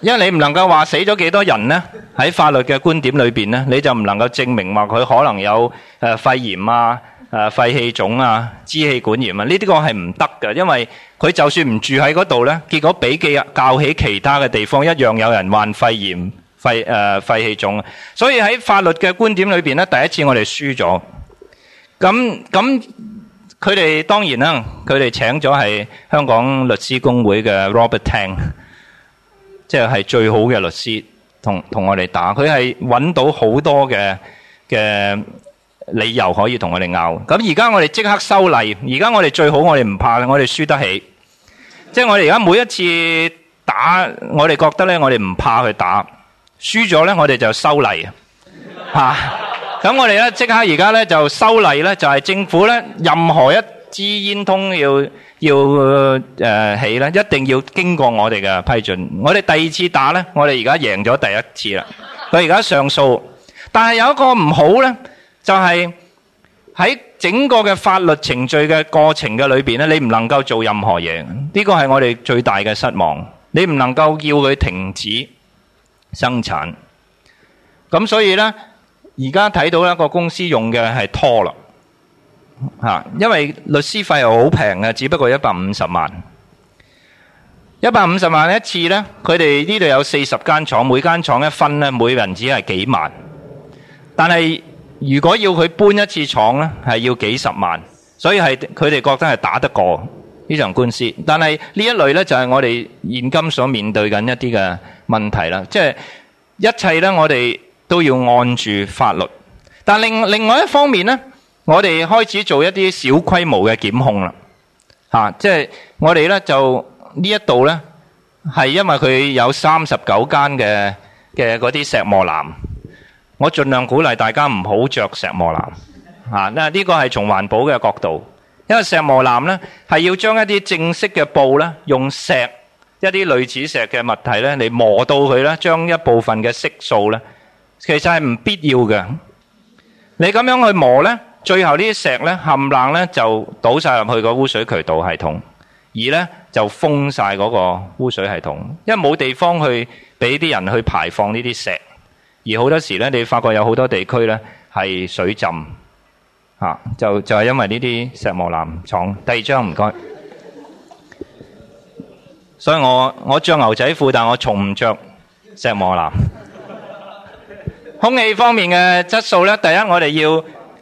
因為你唔能夠話死咗幾多人咧，喺法律嘅觀點裏邊咧，你就唔能夠證明話佢可能有誒肺炎啊、誒肺氣腫啊、支氣管炎啊，呢啲個係唔得㗎，因為佢就算唔住喺嗰度咧，結果比起較起其他嘅地方一樣有人患肺炎、肺誒肺氣腫，所以喺法律嘅觀點裏邊咧，第一次我哋輸咗。咁咁，佢哋當然啦，佢哋請咗係香港律師公會嘅 Robert Tang。即係最好嘅律師，同同我哋打，佢係揾到好多嘅嘅理由可以同我哋拗。咁而家我哋即刻修例，而家我哋最好，我哋唔怕，我哋輸得起。即係我哋而家每一次打，我哋覺得呢，我哋唔怕佢打，輸咗呢，我哋就修例 啊。咁我哋呢，即刻而家呢，就修例呢就係、是、政府呢，任何一支煙通要。要誒起呢，一定要經過我哋嘅批准。我哋第二次打呢，我哋而家贏咗第一次啦。佢而家上訴，但係有一個唔好呢，就係喺整個嘅法律程序嘅過程嘅裏邊呢，你唔能夠做任何嘢。呢個係我哋最大嘅失望。你唔能夠叫佢停止生產。咁所以呢，而家睇到一個公司用嘅係拖啦。吓，因為律師費又好平嘅，只不過一百五十萬，一百五十萬一次呢，佢哋呢度有四十間廠，每間廠一分呢，每人只係幾萬。但係如果要佢搬一次廠呢，係要幾十萬，所以係佢哋覺得係打得過呢場官司。但係呢一類呢，就係我哋現今所面對緊一啲嘅問題啦。即係一切呢，我哋都要按住法律。但另另外一方面呢。我哋開始做一啲小規模嘅檢控啦，吓、啊，即、就、係、是、我哋咧就呢一度呢，係因為佢有三十九間嘅嘅嗰啲石磨藍，我盡量鼓勵大家唔好着石磨藍，吓、啊，呢個係從環保嘅角度，因為石磨藍呢係要將一啲正式嘅布呢用石一啲類似石嘅物體呢嚟，磨到佢呢將一部分嘅色素呢，其實係唔必要嘅，你咁樣去磨呢？最後呢啲石呢冚冷呢就倒曬入去個污水渠道系統，而呢就封曬嗰個污水系統，因為冇地方去俾啲人去排放呢啲石，而好多時呢你發覺有好多地區呢係水浸，嚇就就係因為呢啲石磨藍廠。第二張唔該，所以我我著牛仔褲，但我從唔著石磨藍。空氣方面嘅質素呢，第一我哋要，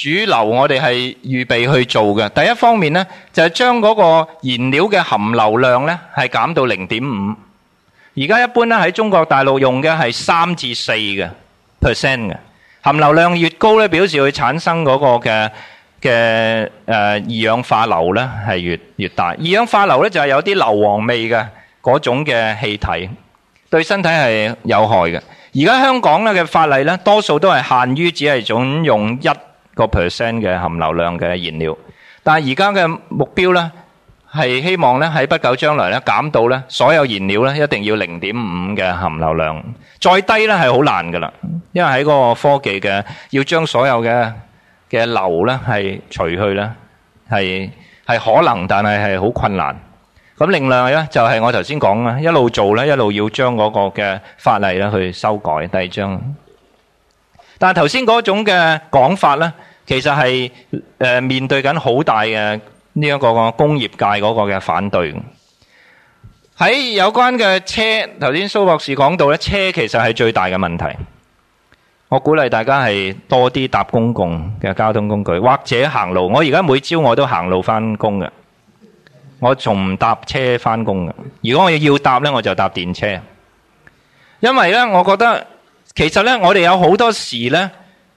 主流我哋係預備去做嘅。第一方面咧，就係、是、將嗰個燃料嘅含硫量咧係減到零點五。而家一般咧喺中國大陸用嘅係三至四嘅 percent 嘅含硫量越高咧，表示佢產生嗰個嘅嘅誒二氧化硫流咧係越越大。二氧化硫流咧就係有啲硫磺味嘅嗰種嘅氣體對身體係有害嘅。而家香港咧嘅法例咧，多數都係限於只係總用一。個 percent 嘅含流量嘅燃料，但係而家嘅目標咧，係希望咧喺不久將來咧減到咧所有燃料咧一定要零點五嘅含流量，再低咧係好難噶啦，因為喺個科技嘅要將所有嘅嘅硫咧係除去咧，係係可能，但係係好困難。咁另外咧就係我頭先講呀，一路做咧一路要將嗰個嘅法例咧去修改第二章，但係頭先嗰種嘅講法咧。其實係誒面對緊好大嘅，呢一個個工業界嗰個嘅反對。喺有關嘅車，頭先蘇博士講到咧，車其實係最大嘅問題。我鼓勵大家係多啲搭公共嘅交通工具，或者行路。我而家每朝我都行路翻工嘅，我從唔搭車翻工嘅。如果我要搭呢，我就搭電車。因為呢，我覺得其實呢，我哋有好多時呢。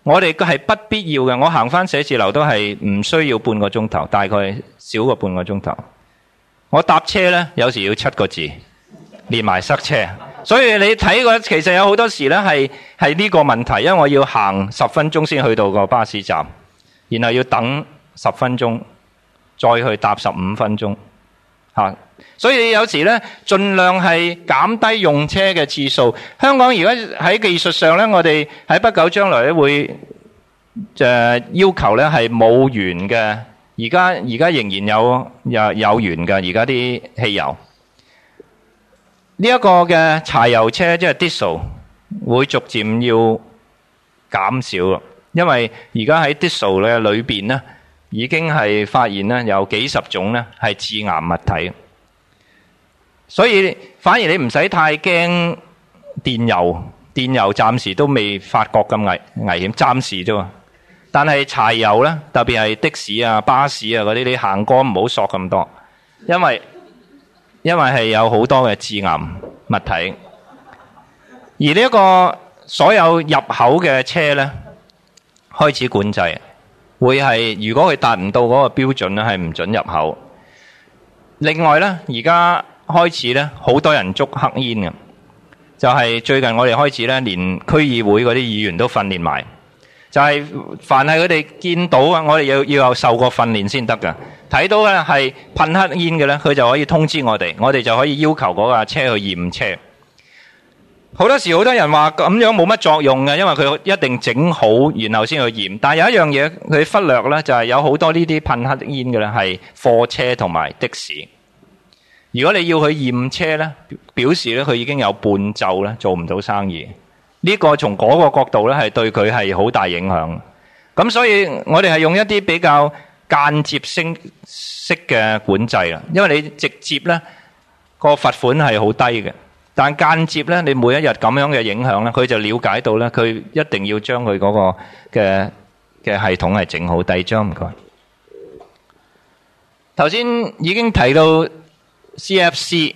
我哋係不必要嘅，我行翻寫字樓都係唔需要半個鐘頭，大概少過半個鐘頭。我搭車呢，有時要七個字，連埋塞車。所以你睇過，其實有好多時呢係係呢個問題，因為我要行十分鐘先去到個巴士站，然後要等十分鐘，再去搭十五分鐘。嚇、嗯！所以有時咧，盡量係減低用車嘅次數。香港而家喺技術上咧，我哋喺不久將來咧會誒、呃、要求咧係冇鉛嘅。而家而家仍然有有有鉛嘅，而家啲汽油呢一、這個嘅柴油車即係、就是、Diesel 會逐漸要減少，因為而家喺 Diesel 嘅裏邊咧。已經係發現咧，有幾十種咧係致癌物體，所以反而你唔使太驚電油，電油暫時都未發覺咁危危險，暫時啫。但係柴油呢，特別係的士啊、巴士啊嗰啲，你行過唔好索咁多，因為因為係有好多嘅致癌物體。而呢一個所有入口嘅車呢，開始管制。會係，如果佢達唔到嗰個標準咧，係唔准入口。另外呢，而家開始呢，好多人捉黑煙嘅，就係最近我哋開始呢，連區議會嗰啲議員都訓練埋，就係凡係佢哋見到啊，我哋要要受過訓練先得噶。睇到咧係噴黑煙嘅呢，佢就可以通知我哋，我哋就可以要求嗰架車去驗車。好多時好多人話咁樣冇乜作用嘅，因為佢一定整好然後先去驗。但係有一樣嘢佢忽略呢，就係、是、有好多呢啲噴黑煙嘅咧，係貨車同埋的士。如果你要佢驗車呢，表示呢佢已經有伴奏呢，做唔到生意。呢、這個從嗰個角度呢，係對佢係好大影響。咁所以，我哋係用一啲比較間接性式嘅管制啦，因為你直接呢、那個罰款係好低嘅。但間接咧，你每一日咁樣嘅影響咧，佢就瞭解到咧，佢一定要將佢嗰個嘅嘅系統係整好。第二張唔該，頭先已經提到 CFC，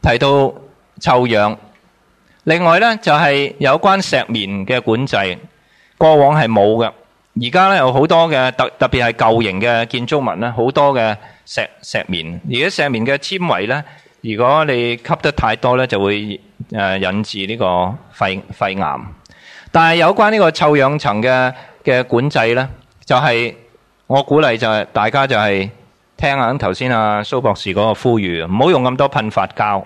提到臭氧。另外咧就係有關石棉嘅管制，過往係冇嘅，而家咧有好多嘅特特別係舊型嘅建築物咧，好多嘅石石棉，而家石棉嘅纖維咧。如果你吸得太多咧，就會誒引致呢個肺肺癌。但係有關呢個臭氧層嘅嘅管制呢，就係我鼓勵就係大家就係聽下頭先阿蘇博士嗰個呼籲，唔好用咁多噴發膠，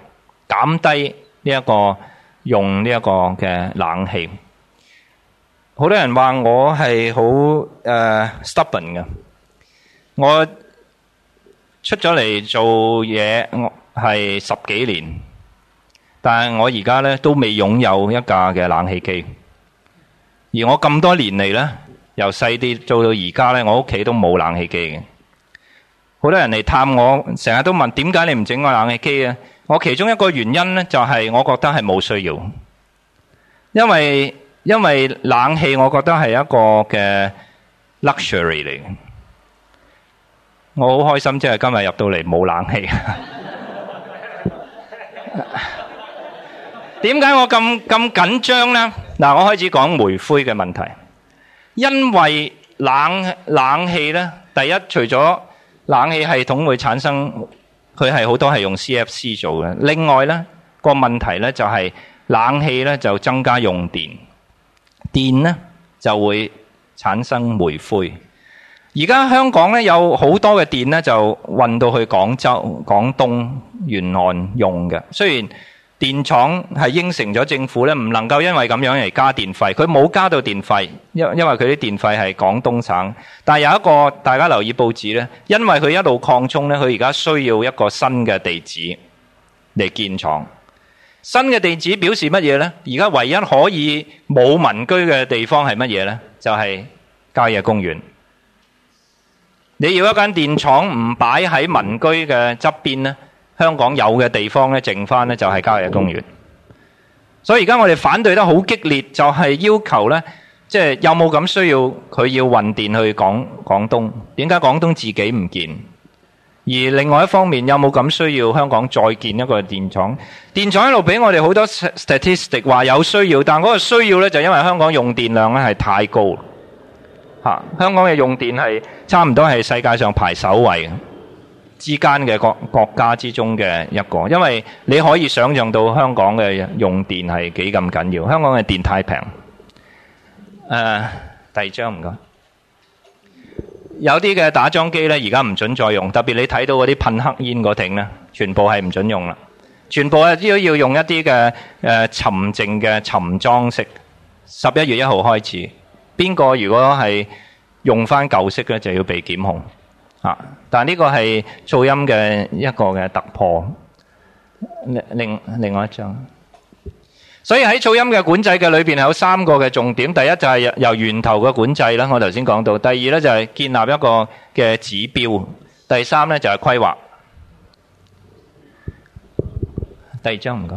減低呢一個用呢一個嘅冷氣。好多人話我係好誒 stubborn 嘅，我出咗嚟做嘢我。係十幾年，但係我而家咧都未擁有一架嘅冷氣機。而我咁多年嚟咧，由細啲做到而家咧，我屋企都冇冷氣機嘅。好多人嚟探我，成日都問，點解你唔整個冷氣機啊？我其中一個原因呢，就係我覺得係冇需要，因為因為冷氣我覺得係一個嘅 luxury 嚟嘅。我好開心，即係今日入到嚟冇冷氣。 點解我咁咁緊張呢？嗱，我開始講煤灰嘅問題，因為冷冷氣呢，第一除咗冷氣系統會產生，佢係好多係用 CFC 做嘅。另外呢個問題呢就係冷氣呢就增加用電，電呢就會產生煤灰。而家香港呢有好多嘅電呢就運到去廣州廣東。沿岸用嘅，雖然電廠係應承咗政府咧，唔能夠因為咁樣嚟加電費，佢冇加到電費，因因為佢啲電費係廣東省。但係有一個大家留意報紙呢，因為佢一路擴充呢，佢而家需要一個新嘅地址嚟建廠。新嘅地址表示乜嘢呢？而家唯一可以冇民居嘅地方係乜嘢呢？就係郊野公園。你要一間電廠唔擺喺民居嘅側邊呢？香港有嘅地方咧，剩返咧就係郊野公園。所以而家我哋反對得好激烈，就係要求呢，即係有冇咁需要佢要運電去廣廣東？點解廣東自己唔建？而另外一方面，有冇咁需要香港再建一個電廠？電廠一路俾我哋好多 statistic 話有需要，但嗰個需要呢，就因為香港用電量咧係太高吓，香港嘅用電係差唔多係世界上排首位嘅。之間嘅國國家之中嘅一個，因為你可以想象到香港嘅用電係幾咁緊要。香港嘅電太平。誒、呃，第二張唔該。有啲嘅打樁機呢，而家唔准再用，特別你睇到嗰啲噴黑煙嗰頂呢，全部係唔準用啦。全部係都要用一啲嘅誒沉靜嘅沉裝式。十一月一號開始，邊個如果係用翻舊式呢，就要被檢控。啊！但呢個係噪音嘅一個嘅突破，另另外一張。所以喺噪音嘅管制嘅裏邊，有三個嘅重點。第一就係由源頭嘅管制啦，我頭先講到。第二呢就係建立一個嘅指標。第三呢就係規劃。第二張唔該。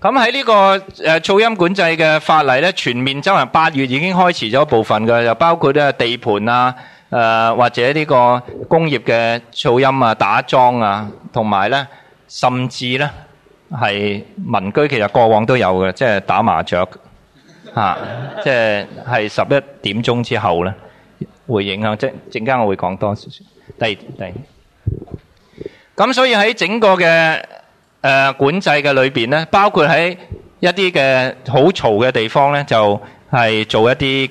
咁喺呢個誒噪音管制嘅法例呢，全面周行八月已經開始咗部分嘅，又包括呢地盤啊。誒或者呢個工業嘅噪音啊、打樁啊，同埋咧，甚至咧係民居，其實過往都有嘅，即係打麻雀嚇，即係係十一點鐘之後咧，會影響。即係陣間我會講多少少，第二第二。咁所以喺整個嘅誒管制嘅裏邊咧，包括喺一啲嘅好嘈嘅地方咧，就係做一啲。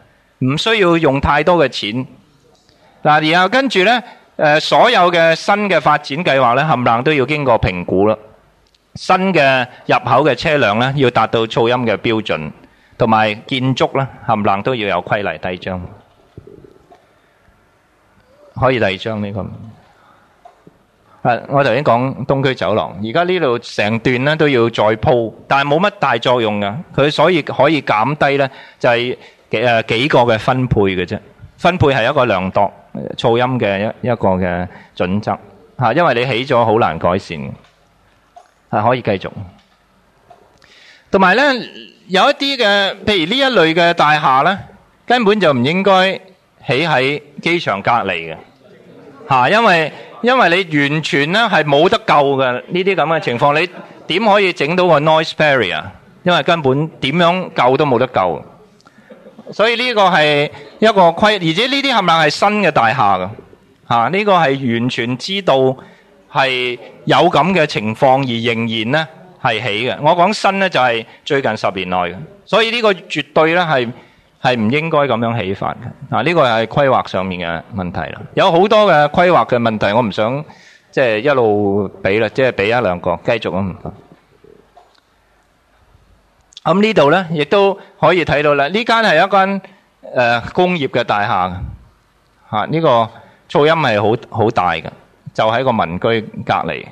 唔需要用太多嘅錢嗱，然後跟住咧，誒，所有嘅新嘅發展計劃咧，冚唪唥都要經過評估啦。新嘅入口嘅車輛咧，要達到噪音嘅標準，同埋建築咧，冚唪唥都要有規例第一張，可以第二張呢個。誒，我頭先講東區走廊，而家呢度成段咧都要再鋪，但係冇乜大作用噶。佢所以可以減低咧，就係。嘅誒，幾個嘅分配嘅啫，分配係一個量度噪音嘅一一個嘅準則吓，因為你起咗好難改善嘅，係可以繼續。同埋呢，有一啲嘅，譬如呢一類嘅大廈呢，根本就唔應該起喺機場隔離嘅吓，因為因為你完全呢係冇得救嘅，呢啲咁嘅情況，你點可以整到個 noise barrier？因為根本點樣救都冇得救。所以呢個係一個規，而且呢啲係咪係新嘅大廈嘅？吓、啊，呢、呢個係完全知道係有咁嘅情況，而仍然呢係起嘅。我講新呢就係最近十年內嘅，所以呢個絕對呢係係唔應該咁樣起法嘅。啊，呢、呢個係規劃上面嘅問題啦。有好多嘅規劃嘅問題我唔，我唔想即係一路俾啦，即係俾一兩個，繼續咁唔。咁呢度咧，亦都可以睇到啦。呢間係一間誒工業嘅大廈，吓呢個噪音係好好大嘅，就喺個民居隔籬。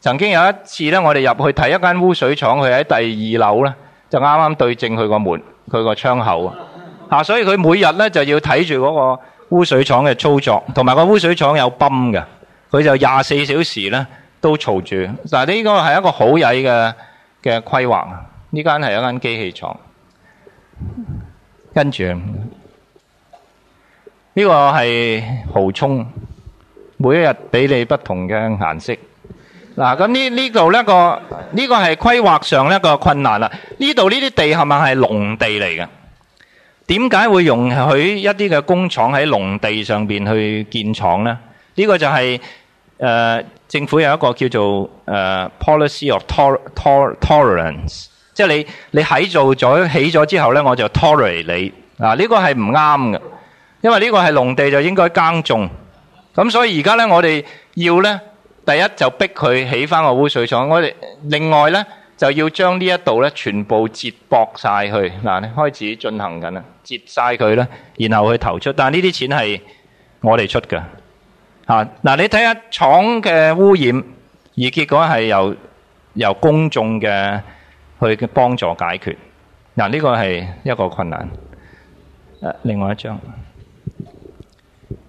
曾經有一次咧，我哋入去睇一間污水廠，佢喺第二樓咧，就啱啱對正佢個門、佢個窗口啊。吓，所以佢每日咧就要睇住嗰個污水廠嘅操作，同埋個污水廠有泵嘅，佢就廿四小時咧都嘈住。但係呢個係一個好曳嘅嘅規劃。呢間係一間機器廠，跟住呢、這個係豪沖每一日俾你不同嘅顏色。嗱、啊，咁呢呢度呢個呢、這個係規劃上一個困難啦。呢度呢啲地係咪係農地嚟嘅？點解會容許一啲嘅工廠喺農地上邊去建廠呢？呢、這個就係、是、誒、呃、政府有一個叫做誒、呃、policy of tol tol tolerance。Tol Tol Tol Tol Tol Tol 即係你你喺做咗起咗之後咧，我就 tolerate 你啊，呢個係唔啱嘅，因為呢個係農地，就應該耕種。咁所以而家咧，我哋要咧，第一就逼佢起返個污水廠。我哋另外咧就要將呢一度咧全部截駁晒去嗱，開始進行緊啦，截晒佢啦，然後去投出。但係呢啲錢係我哋出嘅啊。嗱，你睇下廠嘅污染，而結果係由由公眾嘅。去幫幫助解決，嗱，呢個係一個困難。另外一張。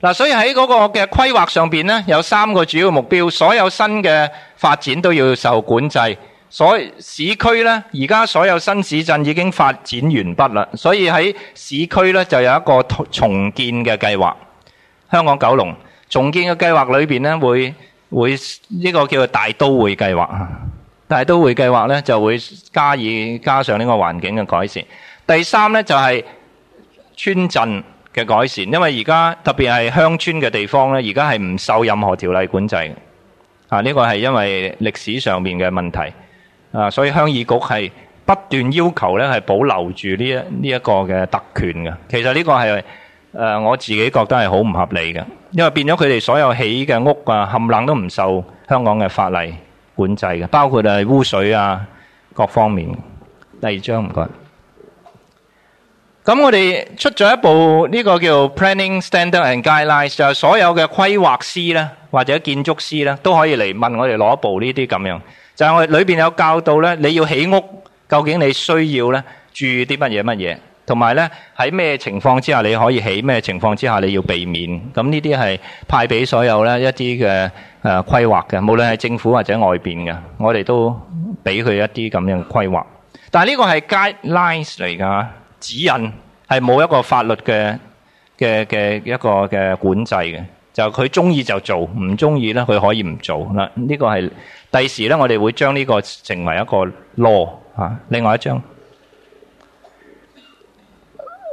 嗱，所以喺嗰個嘅規劃上面呢，有三個主要目標，所有新嘅發展都要受管制。所以市區呢，而家所有新市鎮已經發展完畢啦，所以喺市區呢，就有一個重建嘅計劃。香港九龍重建嘅計劃裏面呢，會會呢個叫做大都會計劃啊。但係都會計劃呢，就會加以加上呢個環境嘅改善。第三呢，就係、是、村鎮嘅改善，因為而家特別係鄉村嘅地方呢，而家係唔受任何條例管制。啊，呢個係因為歷史上面嘅問題。啊，所以鄉議局係不斷要求呢係保留住呢一呢一個嘅特權嘅。其實呢個係誒、呃、我自己覺得係好唔合理嘅，因為變咗佢哋所有起嘅屋啊、冚冷都唔受香港嘅法例。管制嘅，包括啊污水啊各方面。第二章唔該。咁我哋出咗一部呢個叫 Planning Standards and Guidelines，就所有嘅規劃師咧或者建築師咧都可以嚟問我哋攞部呢啲咁樣。就係我哋裏邊有教導咧，你要起屋究竟你需要咧注意啲乜嘢乜嘢？同埋咧，喺咩情況之下你可以起？咩情況之下你要避免？咁呢啲係派俾所有咧一啲嘅誒規劃嘅，無論係政府或者外邊嘅，我哋都俾佢一啲咁樣規劃。但係呢個係 guidelines 嚟㗎，指引係冇一個法律嘅嘅嘅一個嘅管制嘅，就佢中意就做，唔中意咧佢可以唔做啦。呢個係第時咧，我哋會將呢個成為一個 law 啊，另外一張。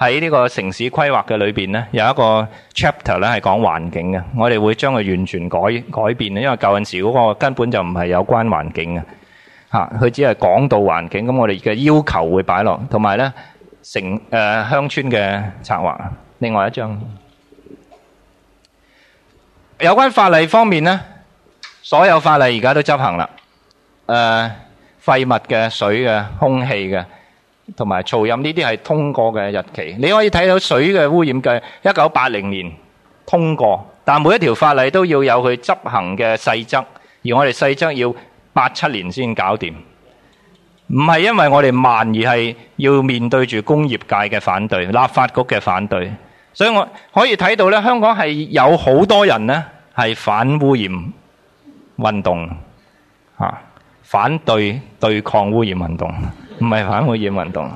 喺呢個城市規劃嘅裏邊呢，有一個 chapter 咧係講環境嘅。我哋會將佢完全改改變，因為舊陣時嗰個根本就唔係有關環境嘅嚇，佢只係講到環境。咁我哋嘅要求會擺落，同埋呢，城誒、呃、鄉村嘅策劃。另外一章有關法例方面呢，所有法例而家都執行啦。誒、呃，廢物嘅、水嘅、空氣嘅。同埋噪音呢啲係通過嘅日期，你可以睇到水嘅污染計，一九八零年通過，但每一條法例都要有佢執行嘅細則，而我哋細則要八七年先搞掂，唔係因為我哋慢，而係要面對住工業界嘅反對，立法局嘅反對。所以我可以睇到咧，香港係有好多人咧係反污染運動吓，反對對抗污染運動。唔係反污染運動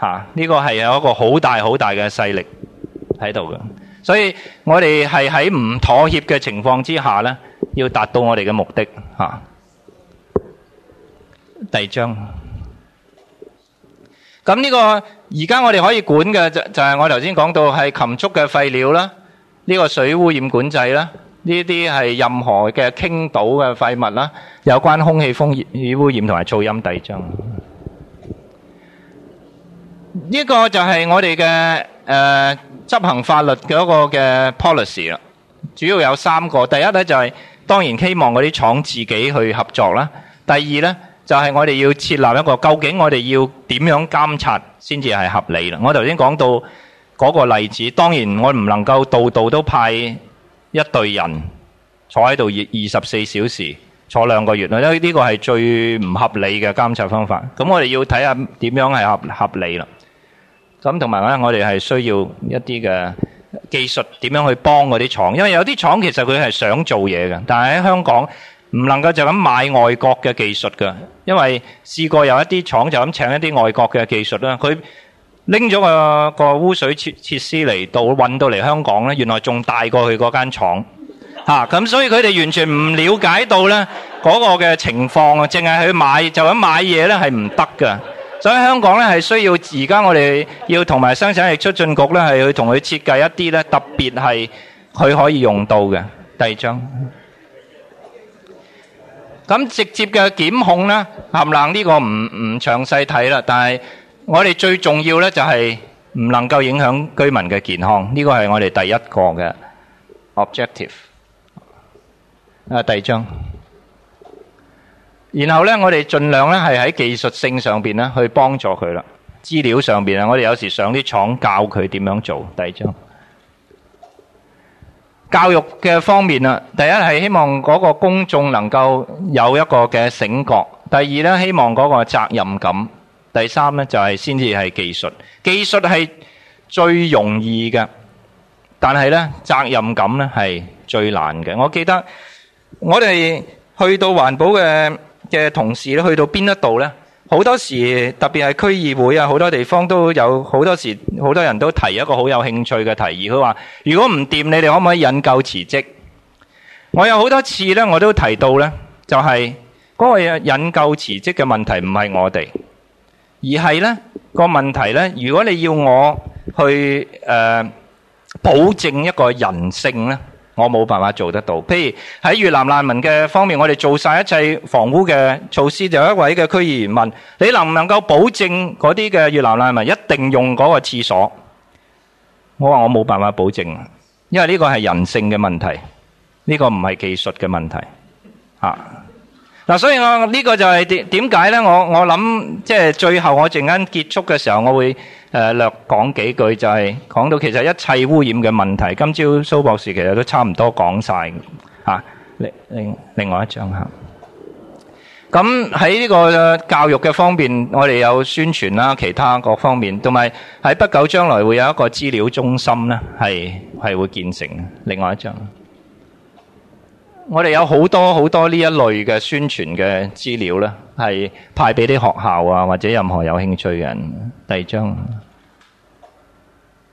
嚇，呢個係有一個好大好大嘅勢力喺度嘅，所以我哋係喺唔妥協嘅情況之下咧，要達到我哋嘅目的嚇。第二章，咁呢個而家我哋可以管嘅就就係我頭先講到係禽畜嘅廢料啦，呢個水污染管制啦，呢啲係任何嘅傾倒嘅廢物啦，有關空氣風污染同埋噪音第二章。呢、這個就係我哋嘅誒執行法律嘅一個嘅 policy 啦，主要有三個。第一咧就係、是、當然希望嗰啲廠自己去合作啦。第二呢，就係、是、我哋要設立一個，究竟我哋要點樣監察先至係合理啦。我頭先講到嗰個例子，當然我唔能夠度度都派一隊人坐喺度二十四小時坐兩個月啦，呢、這、呢個係最唔合理嘅監察方法。咁我哋要睇下點樣係合合理啦。咁同埋咧，我哋係需要一啲嘅技術，點樣去幫嗰啲廠？因為有啲廠其實佢係想做嘢嘅，但係喺香港唔能夠就咁買外國嘅技術嘅。因為試過有一啲廠就咁請一啲外國嘅技術啦，佢拎咗個個污水設設施嚟到，運到嚟香港咧，原來仲大過佢嗰間廠。嚇！咁所以佢哋完全唔了解到咧嗰個嘅情況啊，淨係去買就咁買嘢咧係唔得嘅。所以香港咧係需要，而家我哋要同埋生產力促進局咧係去同佢設計一啲咧特別係佢可以用到嘅。第二章，咁直接嘅檢控咧，冚唪唥呢個唔唔詳細睇啦。但係我哋最重要咧就係唔能夠影響居民嘅健康，呢個係我哋第一個嘅 objective。啊，第二章。然後呢，我哋盡量呢，係喺技術性上面呢，去幫助佢。資料上面，我哋有時上啲廠，教佢點樣做，第二章。教育嘅方面呢，第一，係希望嗰個公眾能夠有一個嘅醒覺。第二，呢，希望嗰個責任感。第三,就係先至係技術。技術係最容易嘅。但係呢，責任感係最難嘅。我記得，我哋去到環保嘅，嘅同事咧，去到邊一度呢？好多時特別係區議會啊，好多地方都有好多時，好多人都提一個好有興趣嘅提議，佢話：如果唔掂，你哋可唔可以引咎辭職？我有好多次呢，我都提到呢，就係嗰個引咎辭職嘅問題，唔係我哋，而係呢個問題呢，如果你要我去誒保證一個人性呢。我冇辦法做得到。譬如喺越南難民嘅方面，我哋做晒一切房屋嘅措施。就一位嘅區議員問：你能唔能夠保證嗰啲嘅越南難民一定用嗰個廁所？我話我冇辦法保證，因為呢個係人性嘅問題，呢個唔係技術嘅問題。嚇嗱、啊，所以我呢、呢個就係點，點解咧？我我諗，即係最後我陣間結束嘅時候，我會誒、呃、略講幾句，就是，就係講到其實一切污染嘅問題。今朝蘇博士其實都差唔多講晒啊，另另另外一張吓，咁喺呢個教育嘅方面，我哋有宣傳啦，其他各方面，同埋喺不久將來會有一個資料中心呢係係會建成。另外一張。我哋有好多好多呢一類嘅宣傳嘅資料呢係派俾啲學校啊，或者任何有興趣嘅人。第二張，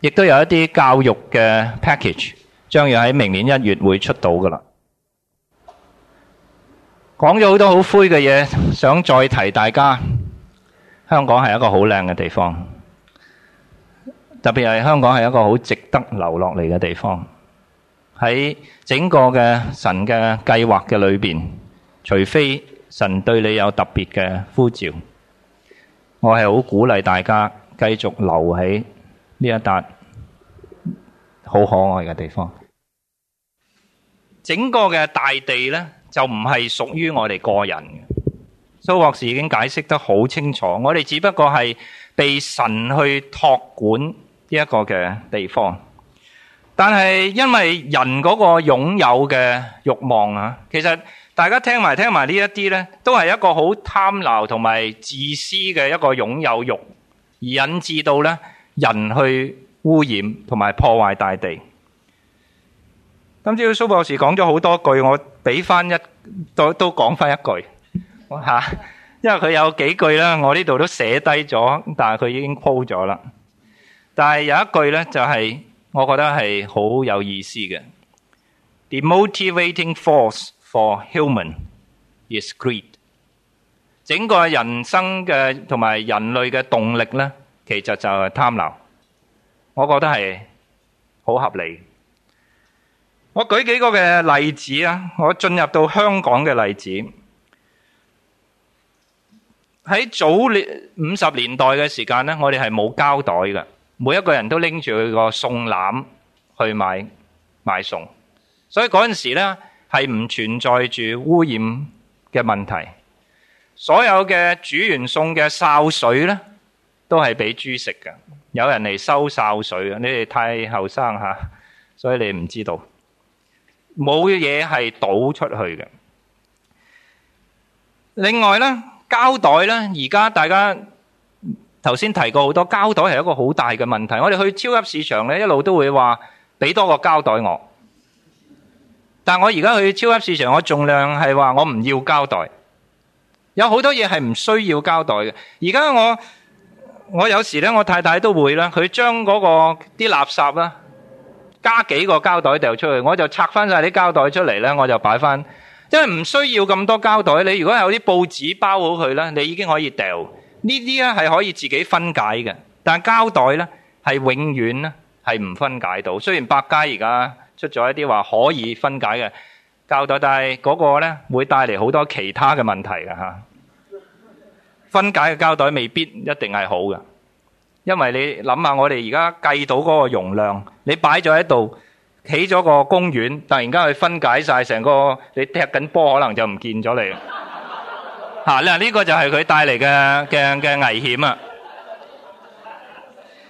亦都有一啲教育嘅 package，將要喺明年一月會出到㗎喇。講咗好多好灰嘅嘢，想再提大家，香港係一個好靚嘅地方，特別係香港係一個好值得留落嚟嘅地方。喺整個嘅神嘅計劃嘅裏面，除非神對你有特別嘅呼召，我係好鼓勵大家繼續留喺呢一笪好可愛嘅地方。整個嘅大地呢，就唔係屬於我哋個人嘅。蘇博士已經解釋得好清楚，我哋只不過係被神去託管呢一個嘅地方。但係因為人嗰個擁有嘅慾望啊，其實大家聽埋聽埋呢一啲呢，都係一個好貪婪同埋自私嘅一個擁有欲，而引致到呢，人去污染同埋破壞大地。今朝蘇博士講咗好多句，我俾翻一都都講翻一句，吓，因為佢有幾句啦，我呢度都寫低咗，但係佢已經鋪咗啦。但係有一句呢就係，我覺得係好有意思嘅 The motivating force for human is greed。整個人生嘅同埋人類嘅動力呢，其實就係貪婪。我覺得係好合理。我舉幾個嘅例子啊，我進入到香港嘅例子。喺早年五十年代嘅時間呢，我哋係冇膠袋嘅。每一個人都拎住佢個餸籃，去買買餸，所以嗰陣時咧係唔存在住污染嘅問題。所有嘅煮完餸嘅潲水咧，都係俾豬食嘅。有人嚟收潲水嘅，你哋太後生吓，所以你唔知道，冇嘢係倒出去嘅。另外咧，膠袋咧，而家大家。頭先提過，好多膠袋係一個好大嘅問題。我哋去超級市場咧，一路都會話俾多個膠袋我。但我而家去超級市場，我盡量係話我唔要膠袋。有好多嘢係唔需要膠袋嘅。而家我我有時咧，我太太都會啦，佢將嗰個啲垃圾啦，加幾個膠袋掉出去，我就拆翻晒啲膠袋出嚟咧，我就擺翻，因為唔需要咁多膠袋。你如果有啲報紙包好佢咧，你已經可以掉。呢啲呢係可以自己分解嘅，但係膠袋呢係永遠呢係唔分解到的。雖然百佳而家出咗一啲話可以分解嘅膠袋，但係嗰個呢會帶嚟好多其他嘅問題㗎吓。分解嘅膠袋未必一定係好嘅，因為你諗下，我哋而家計到嗰個容量，你擺咗喺度，起咗個公園，突然間去分解晒成個你踢緊波，可能就唔見咗你。吓，嗱呢個就係佢帶嚟嘅嘅嘅危險啊！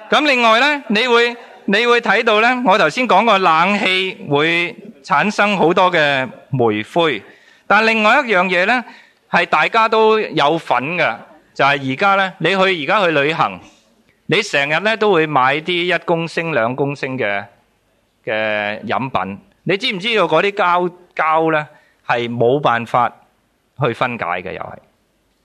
咁另外咧，你會你會睇到咧，我頭先講過冷氣會產生好多嘅煤灰，但係另外一樣嘢咧，係大家都有份㗎，就係而家咧，你去而家去旅行，你成日咧都會買啲一公升、兩公升嘅嘅飲品，你知唔知道嗰啲膠膠咧係冇辦法去分解嘅又係？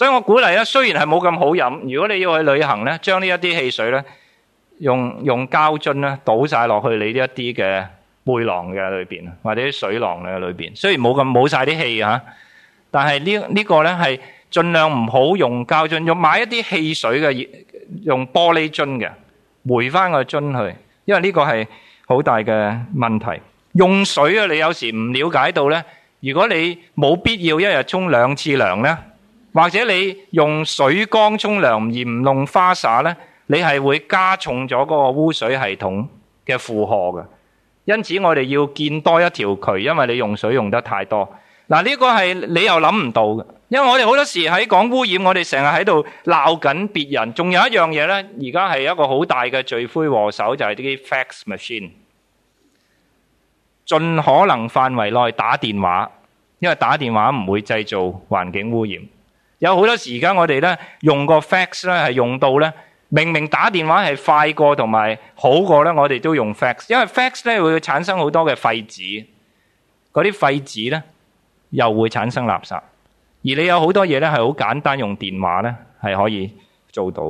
所以我鼓勵咧，雖然係冇咁好飲，如果你要去旅行咧，將呢一啲汽水咧，用用膠樽咧倒晒落去你呢一啲嘅背囊嘅裏邊，或者啲水囊嘅裏邊。雖然冇咁冇晒啲氣吓，但係呢呢個咧係盡量唔好用膠樽，用買一啲汽水嘅用玻璃樽嘅回翻個樽去，因為呢個係好大嘅問題。用水啊，你有時唔了解到咧，如果你冇必要一日沖兩次涼咧。或者你用水缸沖涼而唔弄花灑呢，你係會加重咗嗰個污水系統嘅負荷嘅。因此我哋要建多一條渠，因為你用水用得太多。嗱，呢個係你又諗唔到嘅，因為我哋好多時喺講污染，我哋成日喺度鬧緊別人。仲有一樣嘢呢，而家係一個好大嘅罪魁禍首，就係啲 fax machine。盡可能範圍內打電話，因為打電話唔會製造環境污染。有好多時間我哋咧用個 fax 咧係用到咧，明明打電話係快過同埋好過咧，我哋都用 fax，因為 fax 咧會產生好多嘅廢紙，嗰啲廢紙咧又會產生垃圾。而你有好多嘢咧係好簡單用電話咧係可以做到。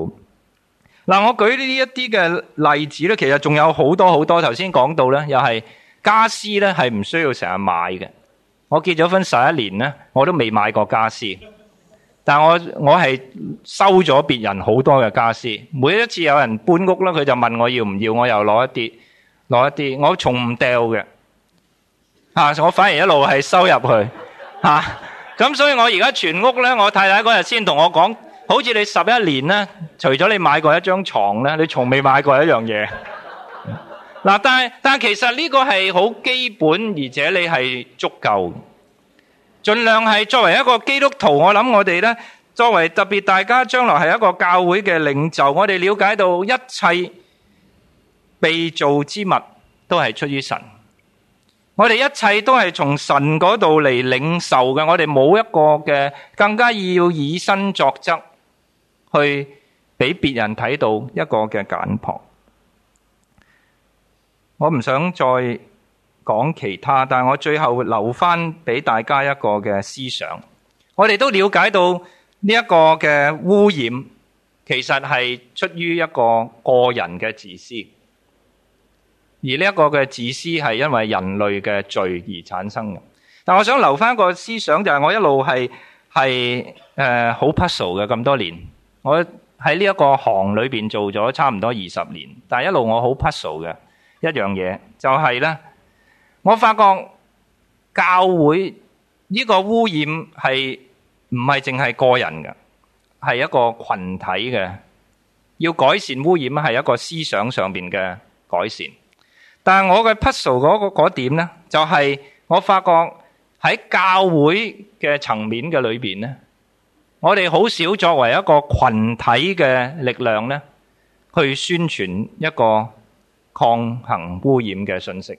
嗱，我舉呢啲一啲嘅例子咧，其實仲有好多好多頭先講到咧，又係家私咧係唔需要成日買嘅。我結咗婚十一年咧，我都未買過家私。但我我係收咗別人好多嘅家私，每一次有人搬屋咧，佢就問我要唔要，我又攞一啲，攞一啲，我從唔掉嘅。啊，我反而一路係收入去。啊，咁所以我而家全屋咧，我太太嗰日先同我講，好似你十一年咧，除咗你買過一張床咧，你從未買過一樣嘢，嗱，但係但係其實呢個係好基本，而且你係足夠。盡量係作為一個基督徒，我諗我哋呢，作為特別大家將來係一個教會嘅領袖，我哋了解到一切被造之物都係出於神，我哋一切都係從神嗰度嚟領受嘅，我哋冇一個嘅更加要以身作則，去俾別人睇到一個嘅簡樸。我唔想再。講其他，但係我最後留翻俾大家一個嘅思想。我哋都了解到呢一個嘅污染，其實係出於一個個人嘅自私，而呢一個嘅自私係因為人類嘅罪而產生嘅。但我想留翻一個思想，就係、是、我一路係係誒好 puzzle 嘅咁多年。我喺呢一個行裏面做咗差唔多二十年，但一路我好 puzzle 嘅一樣嘢，就係呢。我發覺教會呢個污染係唔係淨係個人嘅，係一個群體嘅。要改善污染係一個思想上邊嘅改善。但係我嘅 puzzle 嗰、嗰個點呢就係、係、我發覺喺教會嘅層面嘅裏邊呢，我哋好少作為一個群體嘅力量呢，去宣傳一個抗衡污染嘅信息。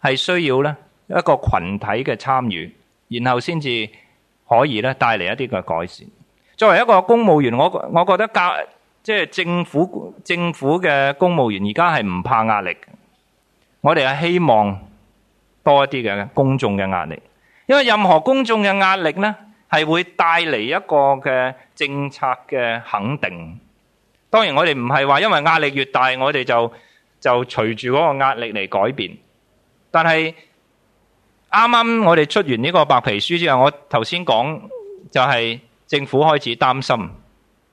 係需要咧一個群體嘅參與，然後先至可以咧帶嚟一啲嘅改善。作為一個公務員，我我覺得教即係政府政府嘅公務員，而家係唔怕壓力。我哋係希望多一啲嘅公眾嘅壓力，因為任何公眾嘅壓力呢係會帶嚟一個嘅政策嘅肯定。當然，我哋唔係話因為壓力越大，我哋就就隨住嗰個壓力嚟改變。但係啱啱我哋出完呢個白皮書之後，我頭先講就係政府開始擔心，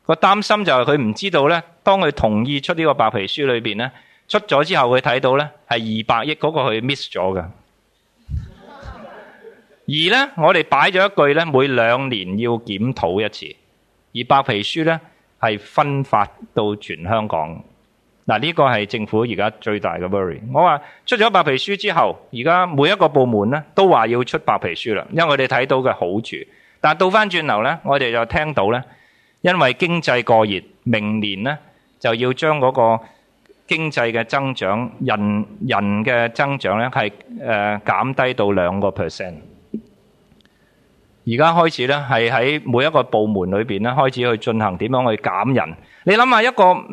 個擔心就係佢唔知道呢，當佢同意出呢個白皮書裏邊呢，出咗之後佢睇到呢係二百億嗰個佢 miss 咗嘅。 而呢，我哋擺咗一句呢，每兩年要檢討一次，而白皮書呢，係分發到全香港。嗱，呢個係政府而家最大嘅 worry。我話出咗白皮書之後，而家每一個部門咧都話要出白皮書啦，因為我哋睇到嘅好處。但係倒翻轉頭咧，我哋就聽到咧，因為經濟過熱，明年咧就要將嗰個經濟嘅增長、人人嘅增長咧，係誒減低到兩個 percent。而家開始咧係喺每一個部門裏邊咧開始去進行點樣去減人。你諗下一個。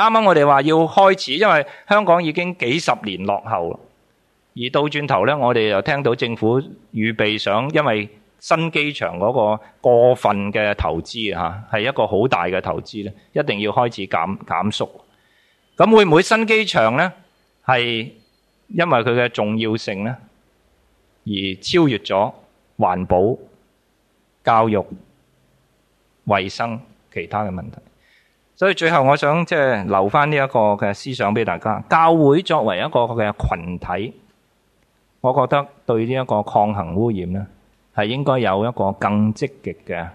啱啱我哋話要開始，因為香港已經幾十年落後，而到轉頭呢，我哋又聽到政府預備想，因為新機場嗰個過分嘅投資啊，係一個好大嘅投資呢，一定要開始減減縮。咁會唔會新機場呢，係因為佢嘅重要性呢，而超越咗環保、教育、衛生其他嘅問題？所以最後我想即係留翻呢一個嘅思想俾大家，教會作為一個嘅群體，我覺得對呢一個抗衡污染呢係應該有一個更積極嘅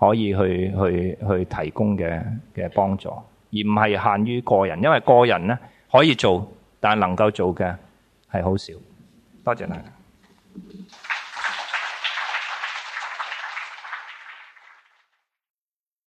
可以去去去提供嘅嘅幫助，而唔係限於個人，因為個人呢可以做，但能夠做嘅係好少。多謝大家。